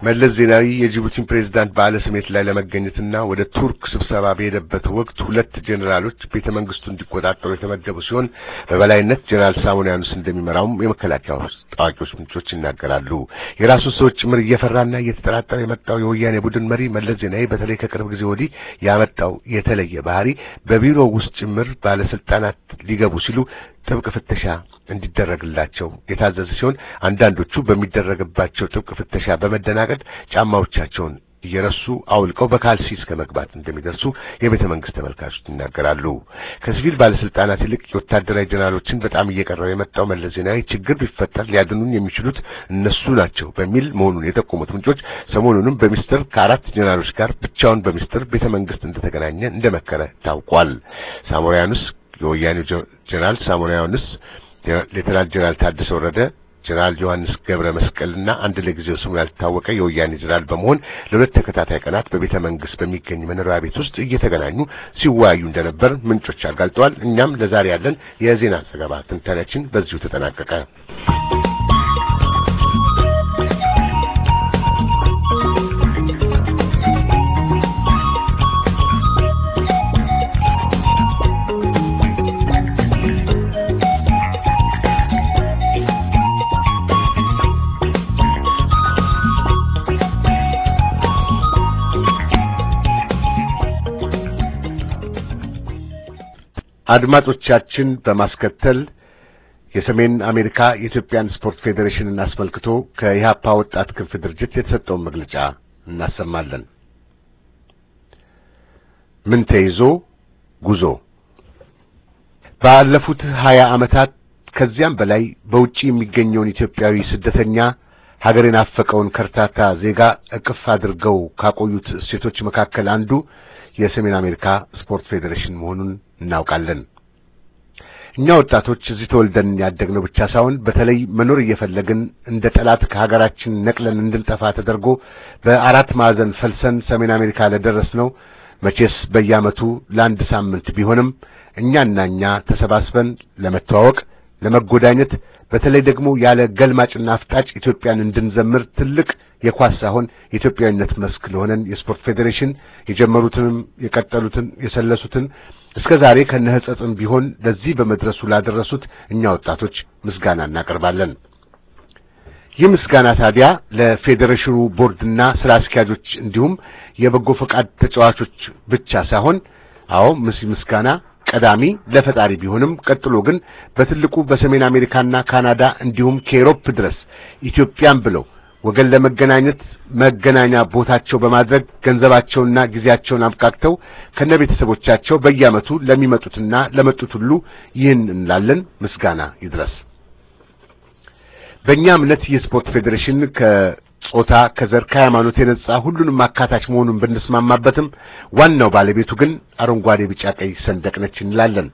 Speaker 2: መለስ ዜናዊ የጅቡቲን ፕሬዝዳንት በዓለ ስሜት ላይ ለመገኘትና ወደ ቱርክ ስብሰባ በሄደበት ወቅት ሁለት ጄኔራሎች ቤተ መንግስቱን እንዲቆጣጠሩ የተመደቡ ሲሆን በበላይነት ጄኔራል ሳሞራ እንደሚመራውም የመከላከያ ታዋቂዎች ምንጮች ይናገራሉ። የራሱን ሰዎች ጭምር እየፈራና እየተጠራጠረ የመጣው የወያኔ ቡድን መሪ መለስ ዜናዊ በተለይ ከቅርብ ጊዜ ወዲህ ያመጣው የተለየ ባህሪ በቢሮ ውስጥ ጭምር ባለስልጣናት ሊገቡ ሲሉ ጥብቅ ፍተሻ እንዲደረግላቸው የታዘዘ ሲሆን አንዳንዶቹ በሚደረግባቸው ጥብቅ ፍተሻ በመደናቀ መስተናገድ ጫማዎቻቸውን እየረሱ አውልቀው በካልሲ እስከ መግባት እንደሚደርሱ የቤተ መንግስት ተመልካቾች ይናገራሉ። ከሲቪል ባለስልጣናት ይልቅ የወታደራዊ ጀነራሎችን በጣም እየቀረበ የመጣው መለስ ዜናዊ ችግር ቢፈጠር ሊያድኑን የሚችሉት እነሱ ናቸው በሚል መሆኑን የጠቆሙት ምንጮች ሰሞኑንም በሚስጥር ከአራት ጀነራሎች ጋር ብቻውን በሚስጥር ቤተ መንግስት እንደተገናኘ እንደመከረ ታውቋል። ሳሞሪያኑስ የወያኔው ጀነራል ሳሞሪያኑስ ሌተናል ጀነራል ታደሰ ወረደ ጀነራል ዮሐንስ ገብረ መስቀልና አንድ ለጊዜው ስሙ ያልታወቀ የወያኔ ጀነራል በመሆን ለሁለት ተከታታይ ቀናት በቤተ መንግስት በሚገኝ መኖሪያ ቤት ውስጥ እየተገናኙ ሲወያዩ እንደነበር ምንጮች አጋልጠዋል። እኛም ለዛሬ ያለን የዜና ዘገባ ትንተናችን በዚሁ ተጠናቀቀ። አድማጮቻችን በማስከተል የሰሜን አሜሪካ የኢትዮጵያን ስፖርት ፌዴሬሽንን አስመልክቶ ከኢህአፓ ወጣት ክንፍ ድርጅት የተሰጠውን መግለጫ እናሰማለን። ምን ተይዞ ጉዞ ባለፉት ሀያ ዓመታት ከዚያም በላይ በውጪ የሚገኘውን ኢትዮጵያዊ ስደተኛ ሀገር የናፈቀውን ከርታታ ዜጋ እቅፍ አድርገው ካቆዩት እሴቶች መካከል አንዱ የሰሜን አሜሪካ ስፖርት ፌዴሬሽን መሆኑን እናውቃለን። እኛ ወጣቶች እዚህ ተወልደን ያደግነው ብቻ ሳይሆን በተለይ መኖር እየፈለግን እንደ ጠላት ከሀገራችን ነቅለን እንድንጠፋ ተደርጎ በአራት ማዕዘን ፈልሰን ሰሜን አሜሪካ ለደረስ ነው መቼስ በየዓመቱ ለአንድ ሳምንት ቢሆንም እኛና እኛ ተሰባስበን ለመተዋወቅ ለመጎዳኘት በተለይ ደግሞ ያለ ገልማጭና አፍጣጭ ኢትዮጵያን እንድንዘምር ትልቅ የኳስ ሳይሆን የኢትዮጵያዊነት መስክ ለሆነን የስፖርት ፌዴሬሽን የጀመሩትንም የቀጠሉትን የሰለሱትን እስከ ዛሬ ከነህጸጽም ቢሆን ለዚህ በመድረሱ ላደረሱት እኛ ወጣቶች ምስጋና እናቀርባለን። ይህ ምስጋና ታዲያ ለፌዴሬሽኑ ቦርድና ስራ አስኪያጆች እንዲሁም የበጎ ፈቃድ ተጫዋቾች ብቻ ሳይሆን አዎ ምስጋና ቀዳሚ ለፈጣሪ ቢሆንም ቀጥሎ ግን በትልቁ በሰሜን አሜሪካና ካናዳ እንዲሁም ከኤሮፕ ድረስ ኢትዮጵያን ብለው ወገን ለመገናኘት መገናኛ ቦታቸው በማድረግ ገንዘባቸውና ጊዜያቸውን አብቃቅተው ከነ ቤተሰቦቻቸው በየዓመቱ ለሚመጡትና ለመጡት ሁሉ ይህን እንላለን፣ ምስጋና ይድረስ። በእኛ እምነት የስፖርት ፌዴሬሽን ጾታ ከዘር ከሃይማኖት የነጻ ሁሉንም አካታች መሆኑን ብንስማማበትም ዋናው ባለቤቱ ግን አረንጓዴ፣ ቢጫ፣ ቀይ ሰንደቅ ነች እንላለን።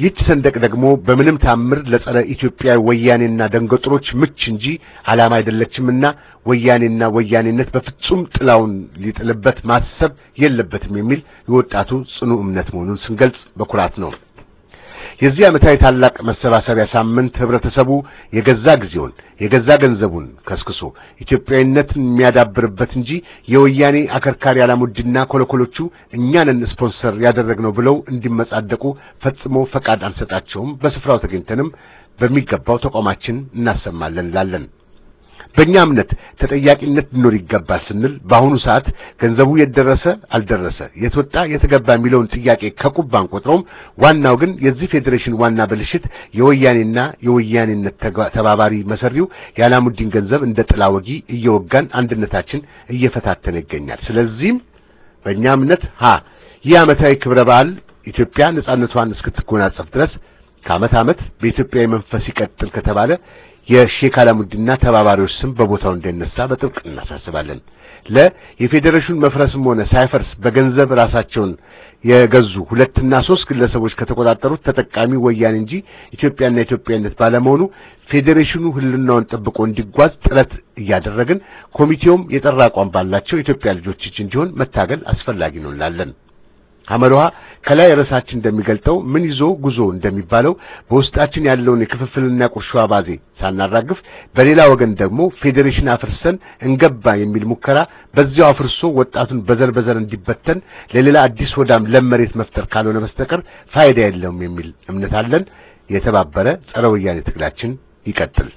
Speaker 2: ይህች ሰንደቅ ደግሞ በምንም ታምር ለጸረ ኢትዮጵያ ወያኔና ደንገጥሮች ምች እንጂ ዓላማ አይደለችምና ወያኔና ወያኔነት በፍጹም ጥላውን ሊጥልበት ማሰብ የለበትም የሚል የወጣቱ ጽኑ እምነት መሆኑን ስንገልጽ በኩራት ነው። የዚህ ዓመታዊ ታላቅ መሰባሰቢያ ሳምንት ህብረተሰቡ የገዛ ጊዜውን የገዛ ገንዘቡን ከስክሶ ኢትዮጵያዊነትን የሚያዳብርበት እንጂ የወያኔ አከርካሪ አላሙዲና ኮለኮሎቹ እኛንን ስፖንሰር ያደረግነው ብለው እንዲመጻደቁ ፈጽሞ ፈቃድ አንሰጣቸውም። በስፍራው ተገኝተንም በሚገባው ተቋማችን እናሰማለን ላለን በእኛ እምነት ተጠያቂነት ሊኖር ይገባል ስንል በአሁኑ ሰዓት ገንዘቡ የደረሰ አልደረሰ የተወጣ የተገባ የሚለውን ጥያቄ ከቁባን ቆጥረውም ዋናው ግን የዚህ ፌዴሬሽን ዋና ብልሽት የወያኔና የወያኔነት ተባባሪ መሰሪው የዓላሙዲን ገንዘብ እንደ ጥላ ወጊ እየወጋን አንድነታችን እየፈታተነ ይገኛል። ስለዚህም በእኛ እምነት ሀ ይህ ዓመታዊ ክብረ በዓል ኢትዮጵያ ነጻነቷን እስክትጎናጸፍ ድረስ ከዓመት ዓመት በኢትዮጵያዊ መንፈስ ይቀጥል ከተባለ የሼክ አላሙዲንና ተባባሪዎች ስም በቦታው እንዳይነሳ በጥብቅ እናሳስባለን። ለ የፌዴሬሽኑ መፍረስም ሆነ ሳይፈርስ በገንዘብ ራሳቸውን የገዙ ሁለትና ሶስት ግለሰቦች ከተቆጣጠሩት ተጠቃሚ ወያኔ እንጂ ኢትዮጵያና ኢትዮጵያነት ባለመሆኑ ፌዴሬሽኑ ሕልናውን ጠብቆ እንዲጓዝ ጥረት እያደረግን ኮሚቴውም የጠራ አቋም ባላቸው ኢትዮጵያ ልጆች እንዲሆን መታገል አስፈላጊ ነው እንላለን። ሐመር ውሃ ከላይ ርዕሳችን እንደሚገልጠው ምን ይዞ ጉዞ እንደሚባለው በውስጣችን ያለውን የክፍፍልና ቁርሾ አባዜ ሳናራግፍ፣ በሌላ ወገን ደግሞ ፌዴሬሽን አፍርሰን እንገባ የሚል ሙከራ በዚያው አፍርሶ ወጣቱን በዘር በዘር እንዲበተን ለሌላ አዲስ ሆዳም ለመሬት መፍጠር ካልሆነ በስተቀር ፋይዳ የለውም የሚል እምነት አለን። የተባበረ ጸረ ወያኔ ትግላችን ይቀጥል።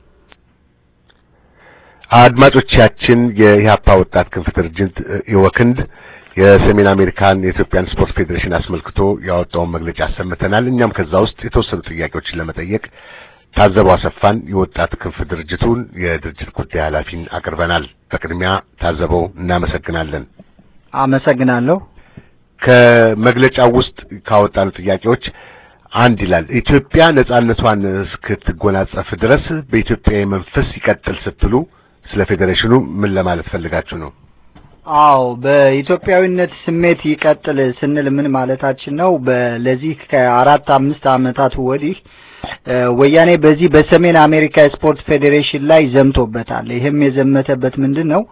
Speaker 2: አድማጮቻችን፣ የኢህአፓ ወጣት ክንፍ ድርጅት የወክንድ የሰሜን አሜሪካን የኢትዮጵያን ስፖርት ፌዴሬሽን አስመልክቶ ያወጣውን መግለጫ አሰምተናል። እኛም ከዛ ውስጥ የተወሰኑ ጥያቄዎችን ለመጠየቅ ታዘበው አሰፋን የወጣት ክንፍ ድርጅቱን የድርጅት ጉዳይ ኃላፊን አቅርበናል። በቅድሚያ ታዘበው እናመሰግናለን።
Speaker 5: አመሰግናለሁ።
Speaker 2: ከመግለጫው ውስጥ ካወጣኑ ጥያቄዎች አንድ ይላል ኢትዮጵያ ነጻነቷን እስክትጎናጸፍ ድረስ በኢትዮጵያ መንፈስ ይቀጥል ስትሉ ስለ ፌዴሬሽኑ ምን ለማለት ፈልጋችሁ ነው?
Speaker 5: አዎ በኢትዮጵያዊነት ስሜት ይቀጥል ስንል ምን ማለታችን ነው? ለዚህ ከአራት አምስት ዓመታት ወዲህ ወያኔ በዚህ በሰሜን አሜሪካ ስፖርት ፌዴሬሽን ላይ ዘምቶበታል። ይህም የዘመተበት ምንድን ነው?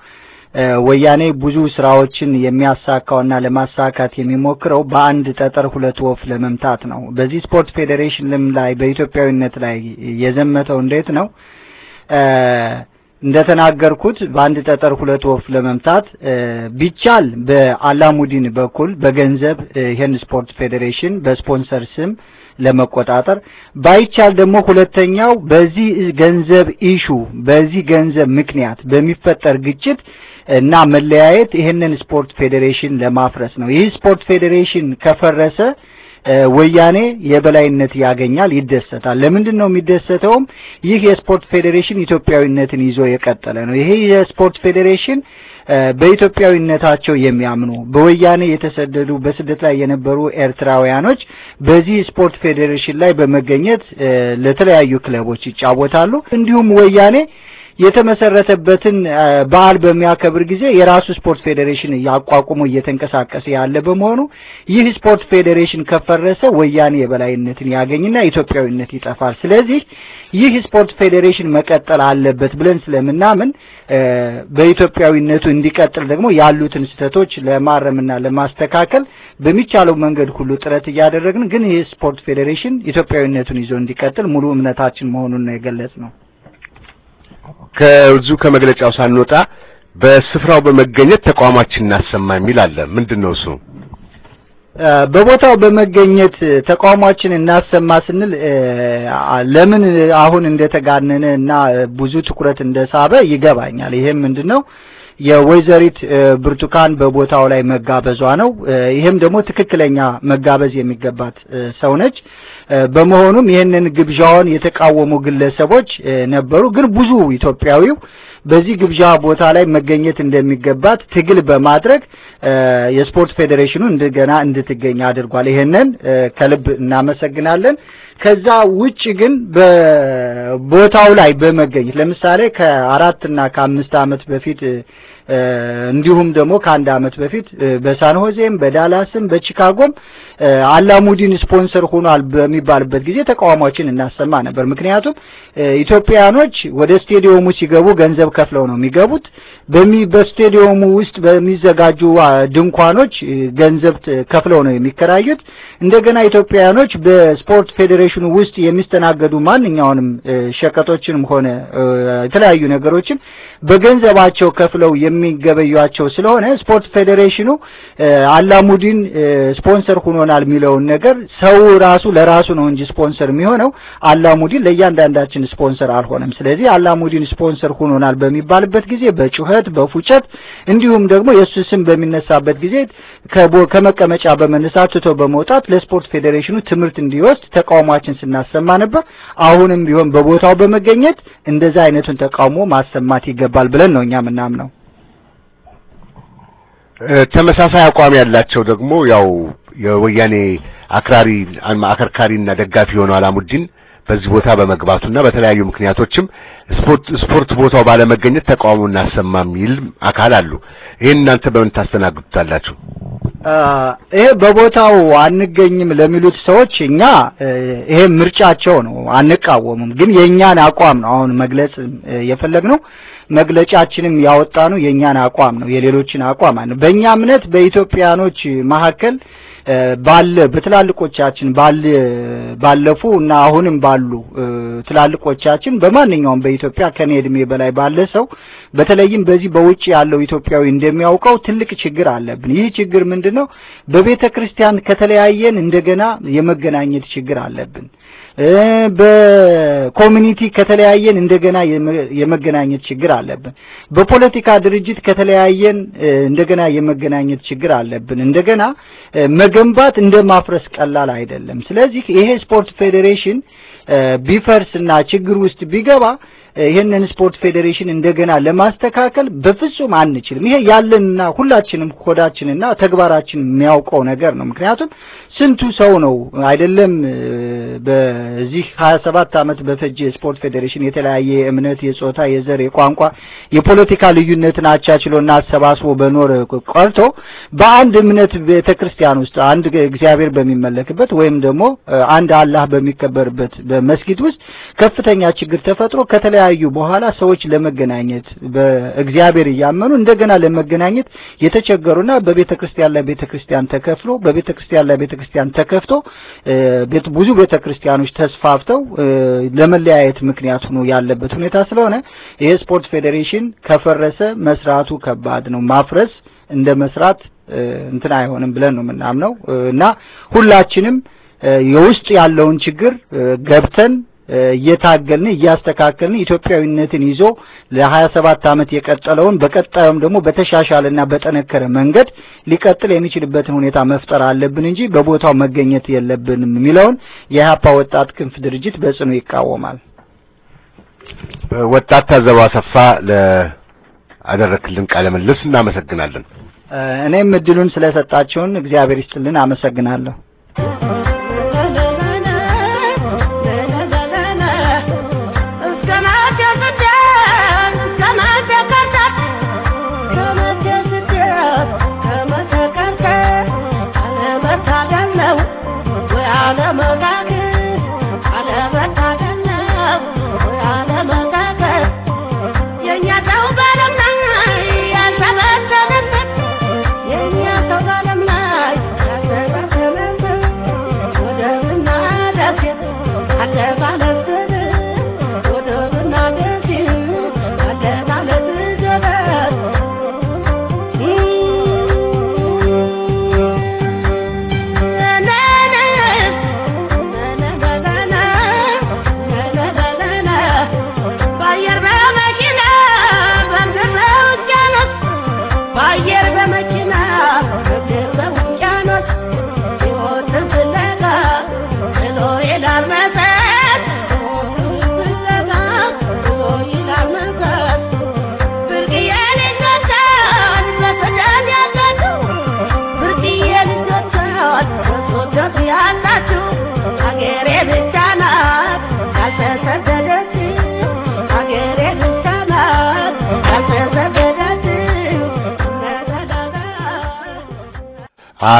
Speaker 5: ወያኔ ብዙ ስራዎችን የሚያሳካውና ለማሳካት የሚሞክረው በአንድ ጠጠር ሁለት ወፍ ለመምታት ነው። በዚህ ስፖርት ፌዴሬሽንም ላይ በኢትዮጵያዊነት ላይ የዘመተው እንዴት ነው? እንደተናገርኩት በአንድ ጠጠር ሁለት ወፍ ለመምታት ቢቻል በአላሙዲን በኩል በገንዘብ ይህን ስፖርት ፌዴሬሽን በስፖንሰር ስም ለመቆጣጠር ባይቻል ደግሞ ሁለተኛው በዚህ ገንዘብ ኢሹ በዚህ ገንዘብ ምክንያት በሚፈጠር ግጭት እና መለያየት ይህንን ስፖርት ፌዴሬሽን ለማፍረስ ነው። ይህ ስፖርት ፌዴሬሽን ከፈረሰ ወያኔ የበላይነት ያገኛል፣ ይደሰታል። ለምንድን ነው የሚደሰተውም? ይህ የስፖርት ፌዴሬሽን ኢትዮጵያዊነትን ይዞ የቀጠለ ነው። ይሄ የስፖርት ፌዴሬሽን በኢትዮጵያዊነታቸው የሚያምኑ በወያኔ የተሰደዱ በስደት ላይ የነበሩ ኤርትራውያኖች በዚህ ስፖርት ፌዴሬሽን ላይ በመገኘት ለተለያዩ ክለቦች ይጫወታሉ። እንዲሁም ወያኔ የተመሰረተበትን በዓል በሚያከብር ጊዜ የራሱ ስፖርት ፌዴሬሽን ያቋቁሞ እየተንቀሳቀሰ ያለ በመሆኑ ይህ ስፖርት ፌዴሬሽን ከፈረሰ ወያኔ የበላይነትን ያገኝና ኢትዮጵያዊነት ይጠፋል። ስለዚህ ይህ ስፖርት ፌዴሬሽን መቀጠል አለበት ብለን ስለምናምን በኢትዮጵያዊነቱ እንዲቀጥል ደግሞ ያሉትን ስህተቶች ለማረምና ለማስተካከል በሚቻለው መንገድ ሁሉ ጥረት እያደረግን ግን ይህ ስፖርት ፌዴሬሽን ኢትዮጵያዊነቱን ይዞ እንዲቀጥል ሙሉ እምነታችን መሆኑን ነው የገለጽ ነው።
Speaker 2: ከዙ ከመግለጫው ሳንወጣ በስፍራው በመገኘት ተቋማችን እናሰማ የሚል አለ። ምንድነው እሱ?
Speaker 5: በቦታው በመገኘት ተቋማችን እናሰማ ስንል ለምን አሁን እንደተጋነነ እና ብዙ ትኩረት እንደሳበ ይገባኛል። ይሄም ምንድነው የወይዘሪት ብርቱካን በቦታው ላይ መጋበዟ ነው። ይሄም ደግሞ ትክክለኛ መጋበዝ የሚገባት ሰው ነች። በመሆኑም ይህንን ግብዣውን የተቃወሙ ግለሰቦች ነበሩ። ግን ብዙ ኢትዮጵያዊው በዚህ ግብዣ ቦታ ላይ መገኘት እንደሚገባት ትግል በማድረግ የስፖርት ፌዴሬሽኑ እንደገና እንድትገኝ አድርጓል። ይህንን ከልብ እናመሰግናለን። ከዛ ውጭ ግን በቦታው ላይ በመገኘት ለምሳሌ ከአራት እና ከአምስት ዓመት በፊት እንዲሁም ደግሞ ከአንድ አመት በፊት በሳንሆዜም በዳላስም በቺካጎም አላሙዲን ስፖንሰር ሆኗል በሚባልበት ጊዜ ተቃውሟችን እናሰማ ነበር። ምክንያቱም ኢትዮጵያኖች ወደ ስቴዲየሙ ሲገቡ ገንዘብ ከፍለው ነው የሚገቡት። በስቴዲየሙ ውስጥ በሚዘጋጁ ድንኳኖች ገንዘብ ከፍለው ነው የሚከራዩት። እንደገና ኢትዮጵያውያኖች በስፖርት ፌዴሬሽኑ ውስጥ የሚስተናገዱ ማንኛውንም ሸቀጦችንም ሆነ የተለያዩ ነገሮችን በገንዘባቸው ከፍለው የሚገበያቸው ስለሆነ ስፖርት ፌዴሬሽኑ አላሙዲን ስፖንሰር ሁኖናል የሚለውን ነገር ሰው ራሱ ለራሱ ነው እንጂ ስፖንሰር የሚሆነው አላሙዲን ለእያንዳንዳችን ስፖንሰር አልሆነም። ስለዚህ አላሙዲን ስፖንሰር ሁኖናል በሚባልበት ጊዜ በጩኸት በጩኸት በፉጨት እንዲሁም ደግሞ የእሱ ስም በሚነሳበት ጊዜ ከመቀመጫ በመነሳት ትቶ በመውጣት ለስፖርት ፌዴሬሽኑ ትምህርት እንዲወስድ ተቃውሟችን ስናሰማ ነበር። አሁንም ቢሆን በቦታው በመገኘት እንደዛ አይነቱን ተቃውሞ ማሰማት ይገባል ብለን ነው እኛ ምናምነው።
Speaker 2: ተመሳሳይ አቋም ያላቸው ደግሞ ያው የወያኔ አክራሪ አከርካሪና ደጋፊ የሆነው አላሙዲን በዚህ ቦታ በመግባቱና በተለያዩ ምክንያቶችም ስፖርት ቦታው ባለመገኘት ተቃውሞ እናሰማ የሚል አካል አሉ። ይህን እናንተ በምን ታስተናግዱታላችሁ?
Speaker 5: ይሄ በቦታው አንገኝም ለሚሉት ሰዎች እኛ ይሄ ምርጫቸው ነው፣ አንቃወሙም ግን የእኛን አቋም ነው አሁን መግለጽ ነው። መግለጫችንም ነው የእኛን አቋም ነው፣ የሌሎችን አቋም ነው። በእኛ እምነት በኢትዮጵያኖች መካከል ባለ በትላልቆቻችን ባለፉ እና አሁንም ባሉ ትላልቆቻችን በማንኛውም በኢትዮጵያ ከኔ እድሜ በላይ ባለ ሰው በተለይም በዚህ በውጭ ያለው ኢትዮጵያዊ እንደሚያውቀው ትልቅ ችግር አለብን። ይህ ችግር ምንድን ነው? በቤተ ክርስቲያን ከተለያየን እንደገና የመገናኘት ችግር አለብን። በኮሚኒቲ ከተለያየን እንደገና የመገናኘት ችግር አለብን። በፖለቲካ ድርጅት ከተለያየን እንደገና የመገናኘት ችግር አለብን። እንደገና መገንባት እንደ ማፍረስ ቀላል አይደለም። ስለዚህ ይሄ ስፖርት ፌዴሬሽን ቢፈርስ እና ችግር ውስጥ ቢገባ ይህንን ስፖርት ፌዴሬሽን እንደገና ለማስተካከል በፍጹም አንችልም። ይሄ ያለንና ሁላችንም ኮዳችንና ተግባራችን የሚያውቀው ነገር ነው። ምክንያቱም ስንቱ ሰው ነው አይደለም በዚህ ሀያ ሰባት ዓመት በፈጀ ስፖርት ፌዴሬሽን የተለያየ የእምነት፣ የጾታ፣ የዘር፣ የቋንቋ፣ የፖለቲካ ልዩነትን አቻችሎና አሰባስቦ በኖር ቀርቶ በአንድ እምነት ቤተ ክርስቲያን ውስጥ አንድ እግዚአብሔር በሚመለክበት ወይም ደግሞ አንድ አላህ በሚከበርበት በመስጊድ ውስጥ ከፍተኛ ችግር ተፈጥሮ ከተለያ ከተለያዩ በኋላ ሰዎች ለመገናኘት በእግዚአብሔር እያመኑ እንደገና ለመገናኘት የተቸገሩና በቤተ ክርስቲያን ላይ ቤተ ክርስቲያን ተከፍሎ በቤተ ክርስቲያን ላይ ቤተ ክርስቲያን ተከፍቶ ብዙ ቤተ ክርስቲያኖች ተስፋፍተው ለመለያየት ምክንያት ሆኖ ያለበት ሁኔታ ስለሆነ ይሄ ስፖርት ፌዴሬሽን ከፈረሰ መስራቱ ከባድ ነው። ማፍረስ እንደ መስራት እንትን አይሆንም ብለን ነው የምናምነው እና ሁላችንም የውስጥ ያለውን ችግር ገብተን እየታገልን እያስተካከልን ኢትዮጵያዊነትን ይዞ ለሀያ ሰባት ዓመት የቀጠለውን በቀጣዩም ደግሞ በተሻሻለና በጠነከረ መንገድ ሊቀጥል የሚችልበትን ሁኔታ መፍጠር አለብን እንጂ በቦታው መገኘት የለብንም የሚለውን የኢህአፓ ወጣት ክንፍ ድርጅት በጽኑ ይቃወማል።
Speaker 2: ወጣት ታዘበው አሰፋ ለአደረክልን ቃለ ምልልስ እናመሰግናለን።
Speaker 5: እኔም እድሉን ስለሰጣችሁን እግዚአብሔር ይስጥልን፣ አመሰግናለሁ።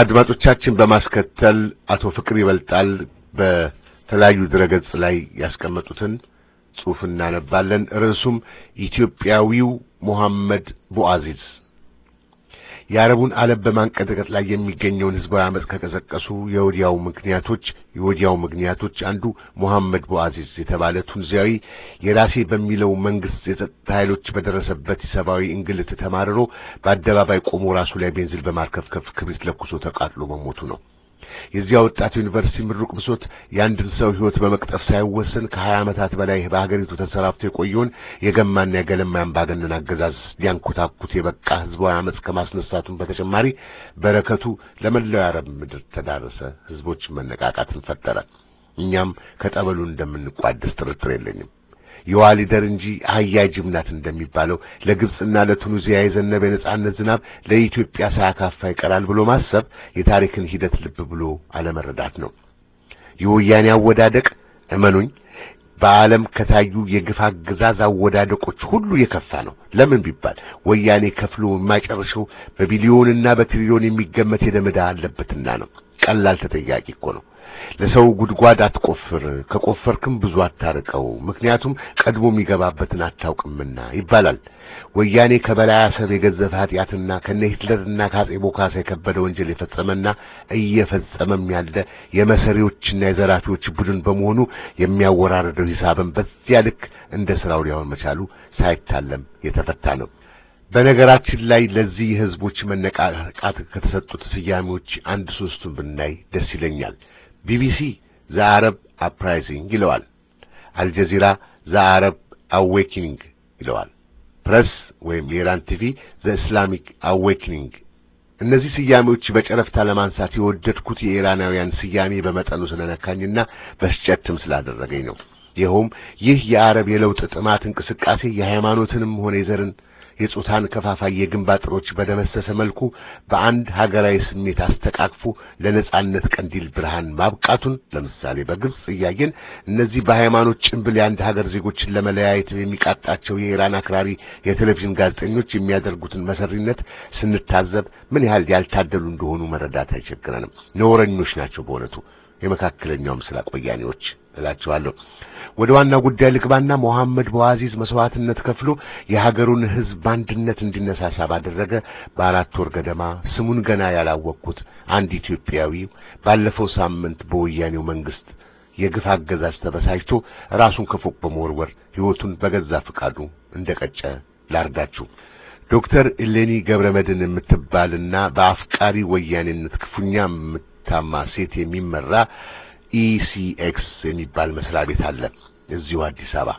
Speaker 2: አድማጮቻችን በማስከተል አቶ ፍቅር ይበልጣል በተለያዩ ድረገጽ ላይ ያስቀመጡትን ጽሑፍ እናነባለን። ርዕሱም ኢትዮጵያዊው ሙሐመድ ቡአዚዝ የአረቡን ዓለም በማንቀጥቀጥ ላይ የሚገኘውን ህዝባዊ አመፅ ከቀሰቀሱ የወዲያው ምክንያቶች የወዲያው ምክንያቶች አንዱ ሙሐመድ ቦአዚዝ የተባለ ቱንዚያዊ የራሴ በሚለው መንግስት የጸጥታ ኃይሎች በደረሰበት ሰብአዊ እንግልት ተማርሮ በአደባባይ ቆሞ ራሱ ላይ ቤንዚን በማርከፍከፍ ክብሪት ለኩሶ ተቃጥሎ መሞቱ ነው። የዚያ ወጣት ዩኒቨርሲቲ ምሩቅ ብሶት የአንድን ሰው ህይወት በመቅጠፍ ሳይወሰን ከ20 ዓመታት በላይ በሀገሪቱ ተሰራፍቶ የቆየውን የገማና የገለማ አምባገነን አገዛዝ ሊያንኮታኩት የበቃ ህዝባዊ አመፅ ከማስነሳቱን በተጨማሪ በረከቱ ለመላው የአረብ ምድር ተዳረሰ። ህዝቦች መነቃቃትን ፈጠረ። እኛም ከጠበሉ እንደምንቋደስ ጥርጥር የለኝም። የዋሊደር እንጂ አህያ ጅብ እንደሚባለው ለግብፅና ለቱኒዚያ የዘነበ የነጻነት ዝናብ ለኢትዮጵያ ሳያካፋ ይቀራል ብሎ ማሰብ የታሪክን ሂደት ልብ ብሎ አለመረዳት ነው። የወያኔ አወዳደቅ እመኑኝ በዓለም ከታዩ የግፍ አገዛዝ አወዳደቆች ሁሉ የከፋ ነው። ለምን ቢባል ወያኔ ከፍሎ የማይጨርሰው በቢሊዮንና በትሪሊዮን የሚገመት የደመዳ አለበትና ነው። ቀላል ተጠያቂ እኮ ነው። ለሰው ጉድጓድ አትቆፍር፣ ከቆፈርክም ብዙ አታርቀው፣ ምክንያቱም ቀድሞ የሚገባበትን አታውቅምና ይባላል። ወያኔ ከበላይ አሰብ የገዘፈ ኃጢአትና ከነ ሂትለርና ከአጼ ቦካሳ የከበደ ወንጀል የፈጸመና እየፈጸመም ያለ የመሰሪዎችና የዘራፊዎች ቡድን በመሆኑ የሚያወራርደው ሂሳብን በዚያ ልክ እንደ ስራው ሊሆን መቻሉ ሳይታለም የተፈታ ነው። በነገራችን ላይ ለዚህ የህዝቦች መነቃቃት ከተሰጡት ስያሜዎች አንድ ሶስቱን ብናይ ደስ ይለኛል። ቢቢሲ ዘአረብ አፕራይዚንግ ይለዋል። አልጀዚራ ዘአረብ አዌኪኒንግ ይለዋል። ፕረስ ወይም የኢራን ቲቪ ዘእስላሚክ አዌኪኒንግ። እነዚህ ስያሜዎች በጨረፍታ ለማንሳት የወደድኩት የኢራናውያን ስያሜ በመጠኑ ስለነካኝና በስጨትም ስላደረገኝ ነው። ይኸውም ይህ የአረብ የለውጥ ጥማት እንቅስቃሴ የሃይማኖትንም ሆነ የዘርን የጾታን ከፋፋይ የግንብ አጥሮች በደመሰሰ መልኩ በአንድ ሀገራዊ ስሜት አስተቃቅፎ ለነጻነት ቀንዲል ብርሃን ማብቃቱን ለምሳሌ በግብፅ እያየን እነዚህ በሃይማኖት ጭንብል የአንድ ሀገር ዜጎችን ለመለያየት የሚቃጣቸው የኢራን አክራሪ የቴሌቪዥን ጋዜጠኞች የሚያደርጉትን መሰሪነት ስንታዘብ ምን ያህል ያልታደሉ እንደሆኑ መረዳት አይቸግረንም። ነውረኞች ናቸው በእውነቱ የመካከለኛው ስላቆያኔዎች እላቸዋለሁ። ወደ ዋና ጉዳይ ልግባና ሞሐመድ በዋዚዝ መስዋዕትነት ከፍሎ የሀገሩን ህዝብ በአንድነት እንዲነሳሳ ባደረገ በአራት ወር ገደማ ስሙን ገና ያላወቅኩት አንድ ኢትዮጵያዊ ባለፈው ሳምንት በወያኔው መንግስት የግፍ አገዛዝ ተበሳጭቶ ራሱን ከፎቅ በመወርወር ህይወቱን በገዛ ፍቃዱ እንደቀጨ ላርዳችሁ። ዶክተር እሌኒ ገብረመድን የምትባልና በአፍቃሪ ወያኔነት ክፉኛ የምታማ ሴት የሚመራ ኢሲኤክስ የሚባል መስሪያ ቤት አለ እዚሁ አዲስ አበባ።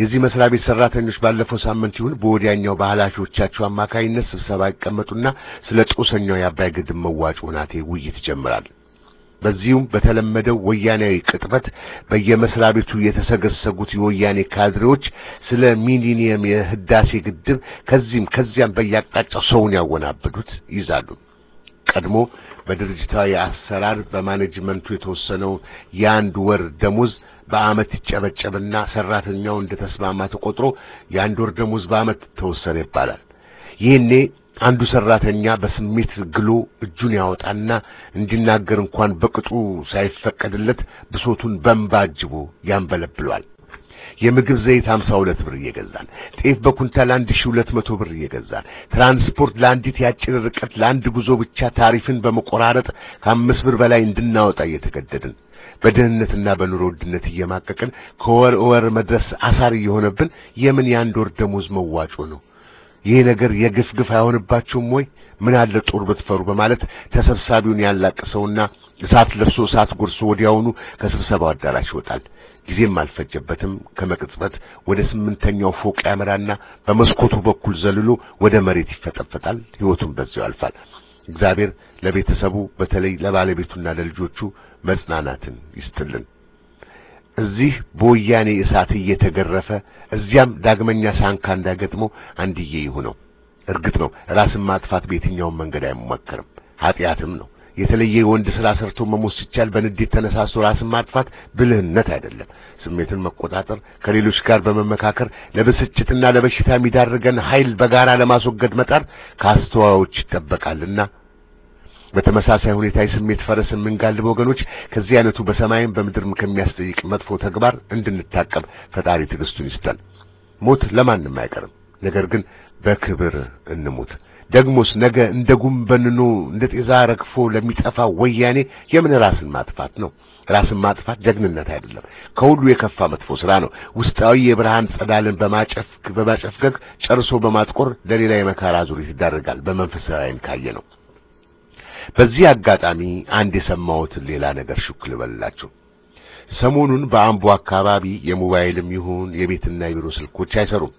Speaker 2: የዚህ መስሪያ ቤት ሰራተኞች ባለፈው ሳምንት ይሁን በወዲያኛው በኃላፊዎቻቸው አማካይነት ስብሰባ ይቀመጡና ስለ ጦሰኛው የአባይ ግድብ መዋጮ ናቴ ውይይት ይጀምራል። በዚሁም በተለመደው ወያኔያዊ ቅጥበት በየመስሪያ ቤቱ የተሰገሰጉት የወያኔ ካድሬዎች ስለ ሚሊኒየም የህዳሴ ግድብ ከዚህም ከዚያም በያቅጣጫው ሰውን ያወናበዱት ይዛሉ። ቀድሞ በድርጅታዊ አሰራር በማኔጅመንቱ የተወሰነው የአንድ ወር ደሞዝ በአመት ይጨበጨብና ሰራተኛው እንደተስማማ ተቆጥሮ የአንድ ወር ደሞዝ በአመት ተወሰነ ይባላል። ይህኔ አንዱ ሰራተኛ በስሜት ግሎ እጁን ያወጣና እንዲናገር እንኳን በቅጡ ሳይፈቀድለት ብሶቱን በእንባ አጅቦ ያንበለብሏል። የምግብ ዘይት 52 ብር እየገዛን ጤፍ በኩንታል 1200 ብር እየገዛን ትራንስፖርት ለአንዲት ያጭር ርቀት ለአንድ ጉዞ ብቻ ታሪፍን በመቆራረጥ ከአምስት ብር በላይ እንድናወጣ እየተገደድን በድህነትና በኑሮ ውድነት እየማቀቅን ከወር ወር መድረስ አሳር እየሆነብን የምን የአንድ ወር ደሞዝ መዋጮ ነው። ይህ ነገር የግፍ ግፍ አይሆንባችሁም ወይ? ምን አለ ጦር ብትፈሩ በማለት ተሰብሳቢውን ያላቅሰውና እሳት ለብሶ እሳት ጎርሶ ወዲያውኑ ከስብሰባው አዳራሽ ይወጣል። ጊዜም አልፈጀበትም። ከመቅጽበት ወደ ስምንተኛው ፎቅ ያመራና በመስኮቱ በኩል ዘልሎ ወደ መሬት ይፈጠፈጣል። ሕይወቱን በዚያው ያልፋል። እግዚአብሔር ለቤተሰቡ በተለይ ለባለቤቱና ለልጆቹ መጽናናትን ይስጥልን። እዚህ በወያኔ እሳት እየተገረፈ እዚያም ዳግመኛ ሳንካ እንዳይገጥመው አንድዬ ይሁነው። እርግጥ ነው ራስን ማጥፋት በየትኛውም መንገድ አይሞከርም፣ ኃጢአትም ነው። የተለየ ወንድ ስራ ሰርቶ መሞት ሲቻል በንዴት ተነሳስቶ ራስን ማጥፋት ብልህነት አይደለም። ስሜትን መቆጣጠር፣ ከሌሎች ጋር በመመካከር ለብስጭትና ለበሽታ የሚዳርገን ኃይል በጋራ ለማስወገድ መጣር ከአስተዋዮች ይጠበቃልና። በተመሳሳይ ሁኔታ የስሜት ፈረስ የምንጋልብ ወገኖች ከዚህ አይነቱ በሰማይም በምድርም ከሚያስጠይቅ መጥፎ ተግባር እንድንታቀብ ፈጣሪ ትዕግስቱን ይስጠን። ሞት ለማንም አይቀርም። ነገር ግን በክብር እንሞት። ደግሞስ ነገ እንደ ጉንበንኖ እንደ ጤዛ ረግፎ ለሚጠፋ ወያኔ የምን ራስን ማጥፋት ነው? ራስን ማጥፋት ጀግንነት አይደለም፣ ከሁሉ የከፋ መጥፎ ስራ ነው። ውስጣዊ የብርሃን ጸዳልን በማጨፍገግ ጨርሶ በማጥቆር ለሌላ የመከራ ዙሪት ይዳረጋል። በመንፈሳዊን ካየ ነው። በዚህ አጋጣሚ አንድ የሰማሁትን ሌላ ነገር ሹክ ልበላችሁ። ሰሞኑን በአምቦ አካባቢ የሞባይልም ይሁን የቤትና የቢሮ ስልኮች አይሰሩም።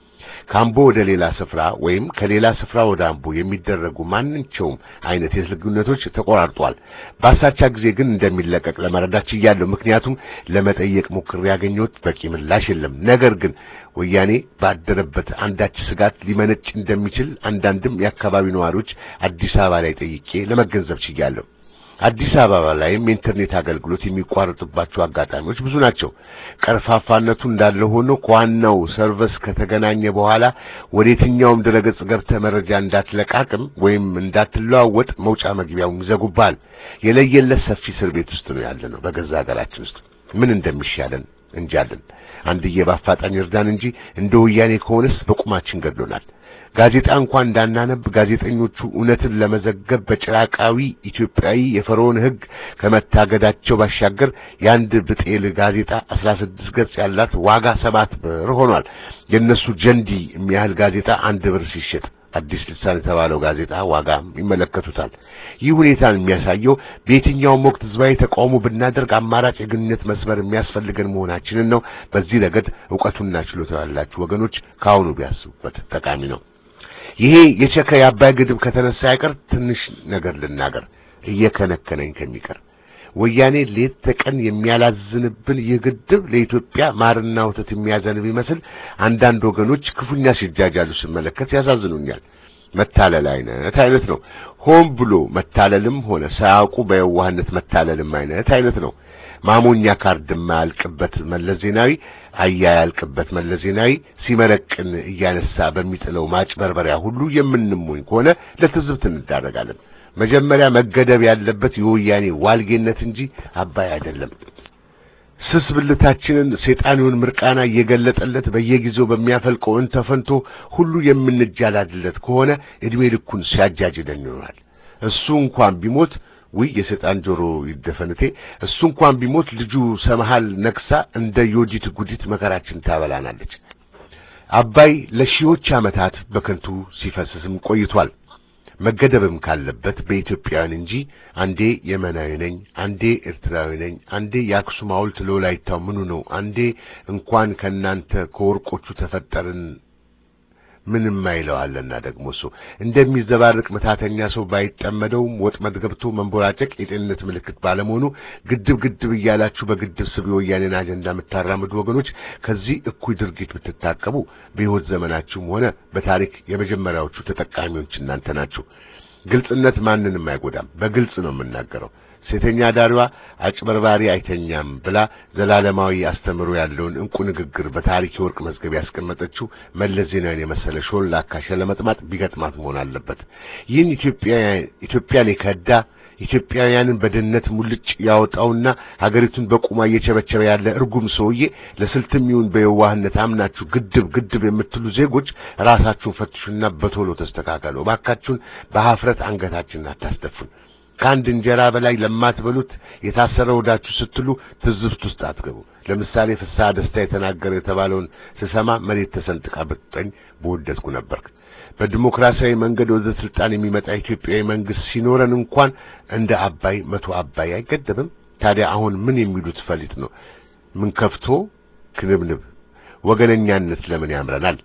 Speaker 2: ከአምቦ ወደ ሌላ ስፍራ ወይም ከሌላ ስፍራ ወደ አምቦ የሚደረጉ ማንቸውም አይነት የስልክ ግንኙነቶች ተቆራርጧል። በአሳቻ ጊዜ ግን እንደሚለቀቅ ለመረዳት ችያለሁ። ምክንያቱም ለመጠየቅ ሞክሬ ያገኘሁት በቂ ምላሽ የለም። ነገር ግን ወያኔ ባደረበት አንዳች ስጋት ሊመነጭ እንደሚችል አንዳንድም የአካባቢው ነዋሪዎች አዲስ አበባ ላይ ጠይቄ ለመገንዘብ ችያለሁ። አዲስ አበባ ላይም ኢንተርኔት አገልግሎት የሚቋረጥባቸው አጋጣሚዎች ብዙ ናቸው። ቀርፋፋነቱ እንዳለ ሆኖ ከዋናው ሰርቨስ ከተገናኘ በኋላ ወደ የትኛውም ድረገጽ ገብተህ መረጃ እንዳትለቃቅም ወይም እንዳትለዋወጥ መውጫ መግቢያውን ይዘጉባል። የለየለት ሰፊ እስር ቤት ውስጥ ነው ያለ ነው። በገዛ ሀገራችን ውስጥ ምን እንደሚሻለን እንጃለን። አንድዬ በአፋጣኝ እርዳን እንጂ እንደ ወያኔ ከሆነስ በቁማችን ገድሎናል። ጋዜጣ እንኳን እንዳናነብ ጋዜጠኞቹ እውነትን ለመዘገብ በጭራቃዊ ኢትዮጵያዊ የፈርዖን ሕግ ከመታገዳቸው ባሻገር የአንድ ብጤል ጋዜጣ 16 ገጽ ያላት ዋጋ ሰባት ብር ሆኗል። የእነሱ ጀንዲ የሚያህል ጋዜጣ አንድ ብር ሲሸጥ አዲስ ልሳን የተባለው ጋዜጣ ዋጋ ይመለከቱታል። ይህ ሁኔታን የሚያሳየው በየትኛውም ወቅት ህዝባዊ ተቃውሞ ብናደርግ አማራጭ የግንኙነት መስመር የሚያስፈልገን መሆናችንን ነው። በዚህ ረገድ እውቀቱና ችሎታ ያላችሁ ወገኖች ከአሁኑ ቢያስቡበት ጠቃሚ ነው። ይሄ የቸከ የአባይ ግድብ ከተነሳ አይቀር ትንሽ ነገር ልናገር እየከነከነኝ ከሚቀር ወያኔ ሌት ተቀን የሚያላዝንብን ይህ ግድብ ለኢትዮጵያ ማርና ወተት የሚያዘን ቢመስል አንዳንድ ወገኖች ክፉኛ ሲጃጃሉ ስመለከት ያሳዝኑኛል። መታለል አይነት አይነት ነው። ሆን ብሎ መታለልም ሆነ ሳያውቁ በየዋህነት መታለልም አይነት አይነት ነው። ማሞኛ ካርድ የማያልቅበት መለስ ዜናዊ አያያልቅበት መለስ ዜናዊ ሲመረቅን እያነሳ በሚጥለው ማጭበርበሪያ ሁሉ የምንሞኝ ከሆነ ለትዝብት እንዳረጋለን። መጀመሪያ መገደብ ያለበት የወያኔ ዋልጌነት እንጂ አባይ አይደለም። ስስ ብልታችንን ሰይጣኑን ምርቃና እየገለጠለት በየጊዜው በሚያፈልቀው እንተፈንቶ ሁሉ የምንጃላድለት ከሆነ እድሜልኩን ልኩን ሲያጃጅለን ይሆናል። እሱ እንኳን ቢሞት ውይ የሰይጣን ጆሮ ይደፈንቴ እሱ እንኳን ቢሞት ልጁ ሰመሃል ነግሳ እንደ ዮዲት ጉዲት መከራችን ታበላናለች። አባይ ለሺዎች ዓመታት በከንቱ ሲፈስስም ቆይቷል። መገደብም ካለበት በኢትዮጵያውያን እንጂ አንዴ የመናዊ ነኝ፣ አንዴ ኤርትራዊ ነኝ፣ አንዴ የአክሱም ሐውልት ለወላይታው ምኑ ነው፣ አንዴ እንኳን ከእናንተ ከወርቆቹ ተፈጠርን ምንም አይለዋልና ደግሞ እሱ እንደሚዘባርቅ መታተኛ ሰው ባይጠመደውም ወጥመድ ገብቶ መንቦራጨቅ የጤንነት ምልክት ባለመሆኑ ግድብ ግድብ እያላችሁ በግድብ ስብ የወያኔን አጀንዳ የምታራምዱ ወገኖች ከዚህ እኩይ ድርጊት ብትታቀቡ በሕይወት ዘመናችሁም ሆነ በታሪክ የመጀመሪያዎቹ ተጠቃሚዎች እናንተ ናችሁ። ግልጽነት ማንንም አይጎዳም። በግልጽ ነው የምናገረው። ሴተኛ አዳሪዋ አጭበርባሪ አይተኛም ብላ ዘላለማዊ አስተምሮ ያለውን እንቁ ንግግር በታሪክ የወርቅ መዝገብ ያስቀመጠችው መለስ ዜናዊን የመሰለ ሾላካ ሸለመጥማጥ ቢገጥማት መሆን አለበት። ይህን ኢትዮጵያን የከዳ ኢትዮጵያውያንን በድህነት ሙልጭ ያወጣውና ሀገሪቱን በቁማ እየቸበቸበ ያለ እርጉም ሰውዬ ለስልትም ይሁን በየዋህነት አምናችሁ ግድብ ግድብ የምትሉ ዜጎች ራሳችሁን ፈትሹና በቶሎ ተስተካከሉ። እባካችሁን በሀፍረት አንገታችንን አታስደፉን። ከአንድ እንጀራ በላይ ለማትበሉት የታሰረ ወዳችሁ ስትሉ ትዝብት ውስጥ አትገቡ። ለምሳሌ ፍስሐ ደስታ የተናገረ የተባለውን ስሰማ መሬት ተሰንጥቃ ብትጠኝ በወደድኩ ነበር። በዲሞክራሲያዊ መንገድ ወደ ስልጣን የሚመጣ ኢትዮጵያዊ መንግስት ሲኖረን እንኳን እንደ አባይ መቶ አባይ አይገደብም። ታዲያ አሁን ምን የሚሉት ፈሊጥ ነው? ምን ከፍቶ ክንብንብ ወገነኛነት ለምን ያምረናል?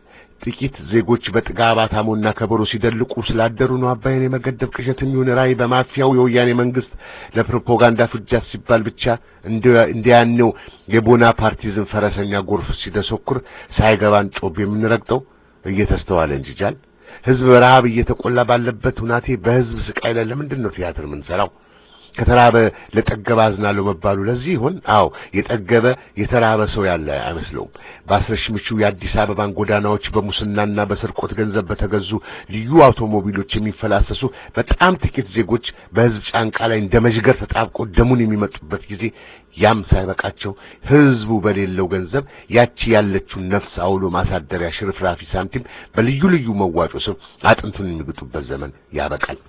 Speaker 2: ጥቂት ዜጎች በጥጋብ አታሞና ከበሮ ሲደልቁ ስላደሩ ነው አባይን የመገደብ ቅዠትም የሚሆን ራዕይ በማፊያው የወያኔ መንግስት ለፕሮፓጋንዳ ፍጃት ሲባል ብቻ እንደያኔው የቦናፓርቲዝም ፈረሰኛ ጎርፍ ሲደሰኩር ሳይገባን ጮብ የምንረግጠው እየተስተዋለ እንጂ ጃል ህዝብ ረሃብ እየተቆላ ባለበት ሁናቴ በህዝብ ስቃይ ላይ ለምንድን ነው ቲያትር የምንሰራው? ከተራበ ለጠገበ አዝናለሁ መባሉ ለዚህ ይሆን? አዎ የጠገበ የተራበ ሰው ያለ አይመስለውም። በአስረሽ ምቹ የአዲስ አበባን ጎዳናዎች በሙስናና በስርቆት ገንዘብ በተገዙ ልዩ አውቶሞቢሎች የሚፈላሰሱ በጣም ጥቂት ዜጎች በህዝብ ጫንቃ ላይ እንደ መዥገር ተጣብቆ ደሙን የሚመጡበት ጊዜ ያም ሳይበቃቸው ህዝቡ በሌለው ገንዘብ ያቺ ያለችውን ነፍስ አውሎ ማሳደሪያ ሽርፍራፊ ሳንቲም በልዩ ልዩ መዋጮ ስም አጥንቱን የሚግጡበት ዘመን ያበቃል።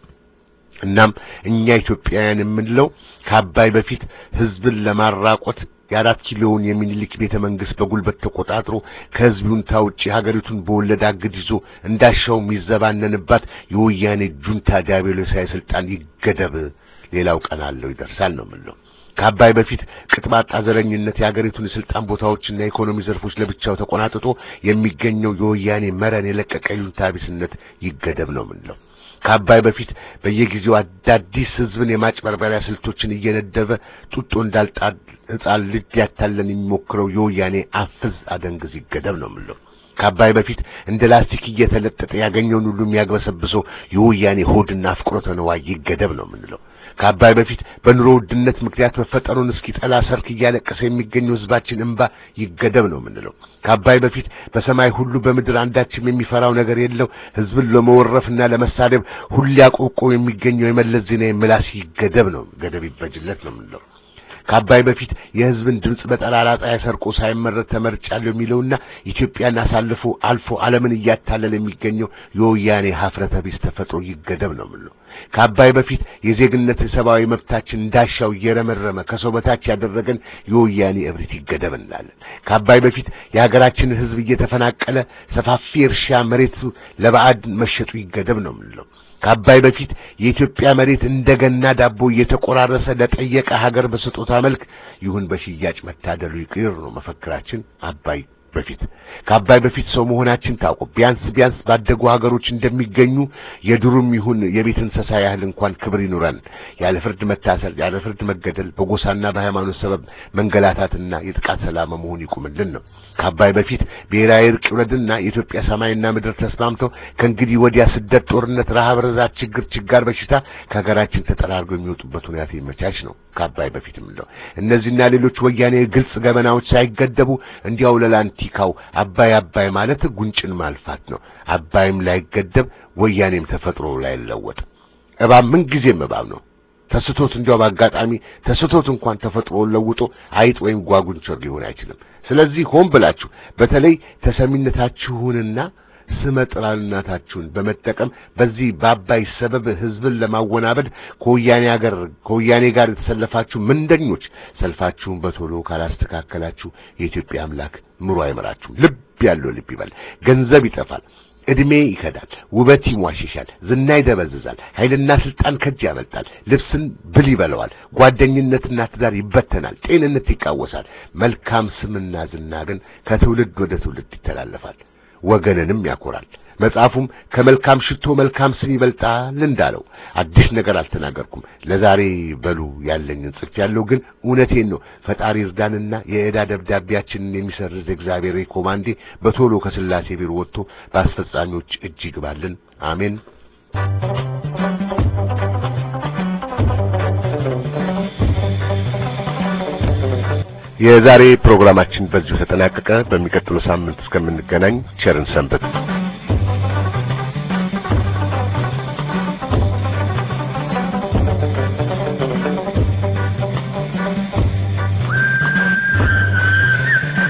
Speaker 2: እናም እኛ ኢትዮጵያውያን የምንለው ከአባይ በፊት ህዝብን ለማራቆት የአራት ኪሎውን የሚኒሊክ ቤተ መንግስት በጉልበት ተቆጣጥሮ ከህዝብ ይሁንታ ሀገሪቱን በወለድ አግድ ይዞ እንዳሻው የሚዘባነንባት የወያኔ ጁንታ ዲያብሎሳዊ ስልጣን ይገደብ፣ ሌላው ቀን አለው ይደርሳል ነው የምንለው። ከአባይ በፊት ቅጥባጣ ዘረኝነት የሀገሪቱን የስልጣን ቦታዎችና የኢኮኖሚ ዘርፎች ለብቻው ተቆናጥጦ የሚገኘው የወያኔ መረን የለቀቀ ዩንታ ቢስነት ይገደብ ነው የምንለው። ከአባይ በፊት በየጊዜው አዳዲስ ህዝብን የማጭበርበሪያ ስልቶችን እየነደበ ጡጦ እንዳልጣ ሕፃን ልጅ ያታለን የሚሞክረው የወያኔ አፍዝ አደንግዝ ይገደብ ነው ምለው። ከአባይ በፊት እንደ ላስቲክ እየተለጠጠ ያገኘውን ሁሉ የሚያግበሰብሰው የወያኔ ሆድና አፍቅሮተ ነዋይ ይገደብ ነው ምንለው። ከአባይ በፊት በኑሮ ውድነት ምክንያት መፈጠሩን ጠላ ሰርክ እያለቀሰ የሚገኘው ህዝባችን እንባ ይገደብ ነው የምንለው። ከአባይ በፊት በሰማይ ሁሉ በምድር አንዳችም የሚፈራው ነገር የለው ህዝብን ለመወረፍና ለመሳደብ ሁሌ አቆብቆ የሚገኘው የመለስ ዜናዊ ምላስ ይገደብ ነው ገደብ ይበጅለት ነው የምንለው። ከአባይ በፊት የህዝብን ድምፅ በጠላላ ፀሐይ ሰርቆ ሳይመረጥ ተመርጫለሁ የሚለውና ኢትዮጵያን አሳልፎ አልፎ ዓለምን እያታለለ የሚገኘው የወያኔ ሀፍረተ ቢስ ተፈጥሮ ይገደብ ነው የምለው። ከአባይ በፊት የዜግነት ሰብአዊ መብታችን እንዳሻው እየረመረመ ከሰው በታች ያደረገን የወያኔ እብሪት ይገደብ እንላለን። ከአባይ በፊት የሀገራችንን ህዝብ እየተፈናቀለ ሰፋፊ እርሻ መሬቱ ለባዕድ መሸጡ ይገደብ ነው ምለው። ከአባይ በፊት የኢትዮጵያ መሬት እንደገና ዳቦ እየተቆራረሰ ለጠየቀ ሀገር በስጦታ መልክ ይሁን በሽያጭ መታደሉ ይቅር ነው መፈክራችን። አባይ በፊት ከአባይ በፊት ሰው መሆናችን ታቆ ቢያንስ ቢያንስ ባደጉ ሀገሮች እንደሚገኙ የዱሩም ይሁን የቤት እንስሳ ያህል እንኳን ክብር ይኑረን። ያለ ፍርድ መታሰር፣ ያለ ፍርድ መገደል፣ በጎሳና በሃይማኖት ሰበብ መንገላታትና የጥቃት ሰላም መሆን ይቁምልን ነው። ከአባይ በፊት ብሔራዊ እርቅ ይውረድና የኢትዮጵያ ሰማይና ምድር ተስማምተው ከእንግዲህ ወዲያ ስደት፣ ጦርነት፣ ረሃብ፣ ረዛብ፣ ችግር፣ ችጋር፣ በሽታ ከሀገራችን ተጠራርገው የሚወጡበት ሁኔታ ይመቻች ነው። ከአባይ በፊትም እንደው እነዚህና ሌሎች ወያኔ ግልጽ ገበናዎች ሳይገደቡ እንዲያው ለላንቲ ፖለቲካው አባይ አባይ ማለት ጉንጭን ማልፋት ነው። አባይም ላይገደብ ወያኔም ተፈጥሮ ላይለወጥ። እባብ ጊዜም እባብ ነው። ተስቶት እንዲያው በአጋጣሚ ተስቶት እንኳን ተፈጥሮ ለውጦ አይጥ ወይም ጓጉንቸር ሊሆን አይችልም። ስለዚህ ሆን ብላችሁ በተለይ ተሰሚነታችሁንና ስመ ጥላልነታችሁን በመጠቀም በዚህ በአባይ ሰበብ ህዝብን ለማወናበድ ከወያኔ ሀገር ከወያኔ ጋር የተሰለፋችሁ ምንደኞች ሰልፋችሁን በቶሎ ካላስተካከላችሁ የኢትዮጵያ አምላክ ምሮ አይምራችሁም። ልብ ያለው ልብ ይበል። ገንዘብ ይጠፋል። እድሜ ይከዳል፣ ውበት ይሟሽሻል፣ ዝና ይደበዝዛል፣ ኃይልና ስልጣን ከእጅ ያመልጣል፣ ልብስን ብል ይበለዋል፣ ጓደኝነትና ትዳር ይበተናል፣ ጤንነት ይቃወሳል። መልካም ስምና ዝና ግን ከትውልድ ወደ ትውልድ ይተላለፋል። ወገንንም ያኮራል። መጽሐፉም ከመልካም ሽቶ መልካም ስም ይበልጣል እንዳለው አዲስ ነገር አልተናገርኩም። ለዛሬ በሉ ያለኝን ጽፍ ያለው ግን እውነቴን ነው። ፈጣሪ እርዳንና የዕዳ ደብዳቤያችንን የሚሰርዝ እግዚአብሔር ኮማንዴ በቶሎ ከስላሴ ቢሮ ወጥቶ በአስፈጻሚዎች እጅ ይግባልን። አሜን። የዛሬ ፕሮግራማችን በዚሁ ተጠናቀቀ። በሚቀጥለው ሳምንት እስከምንገናኝ ቸርን ሰንበት።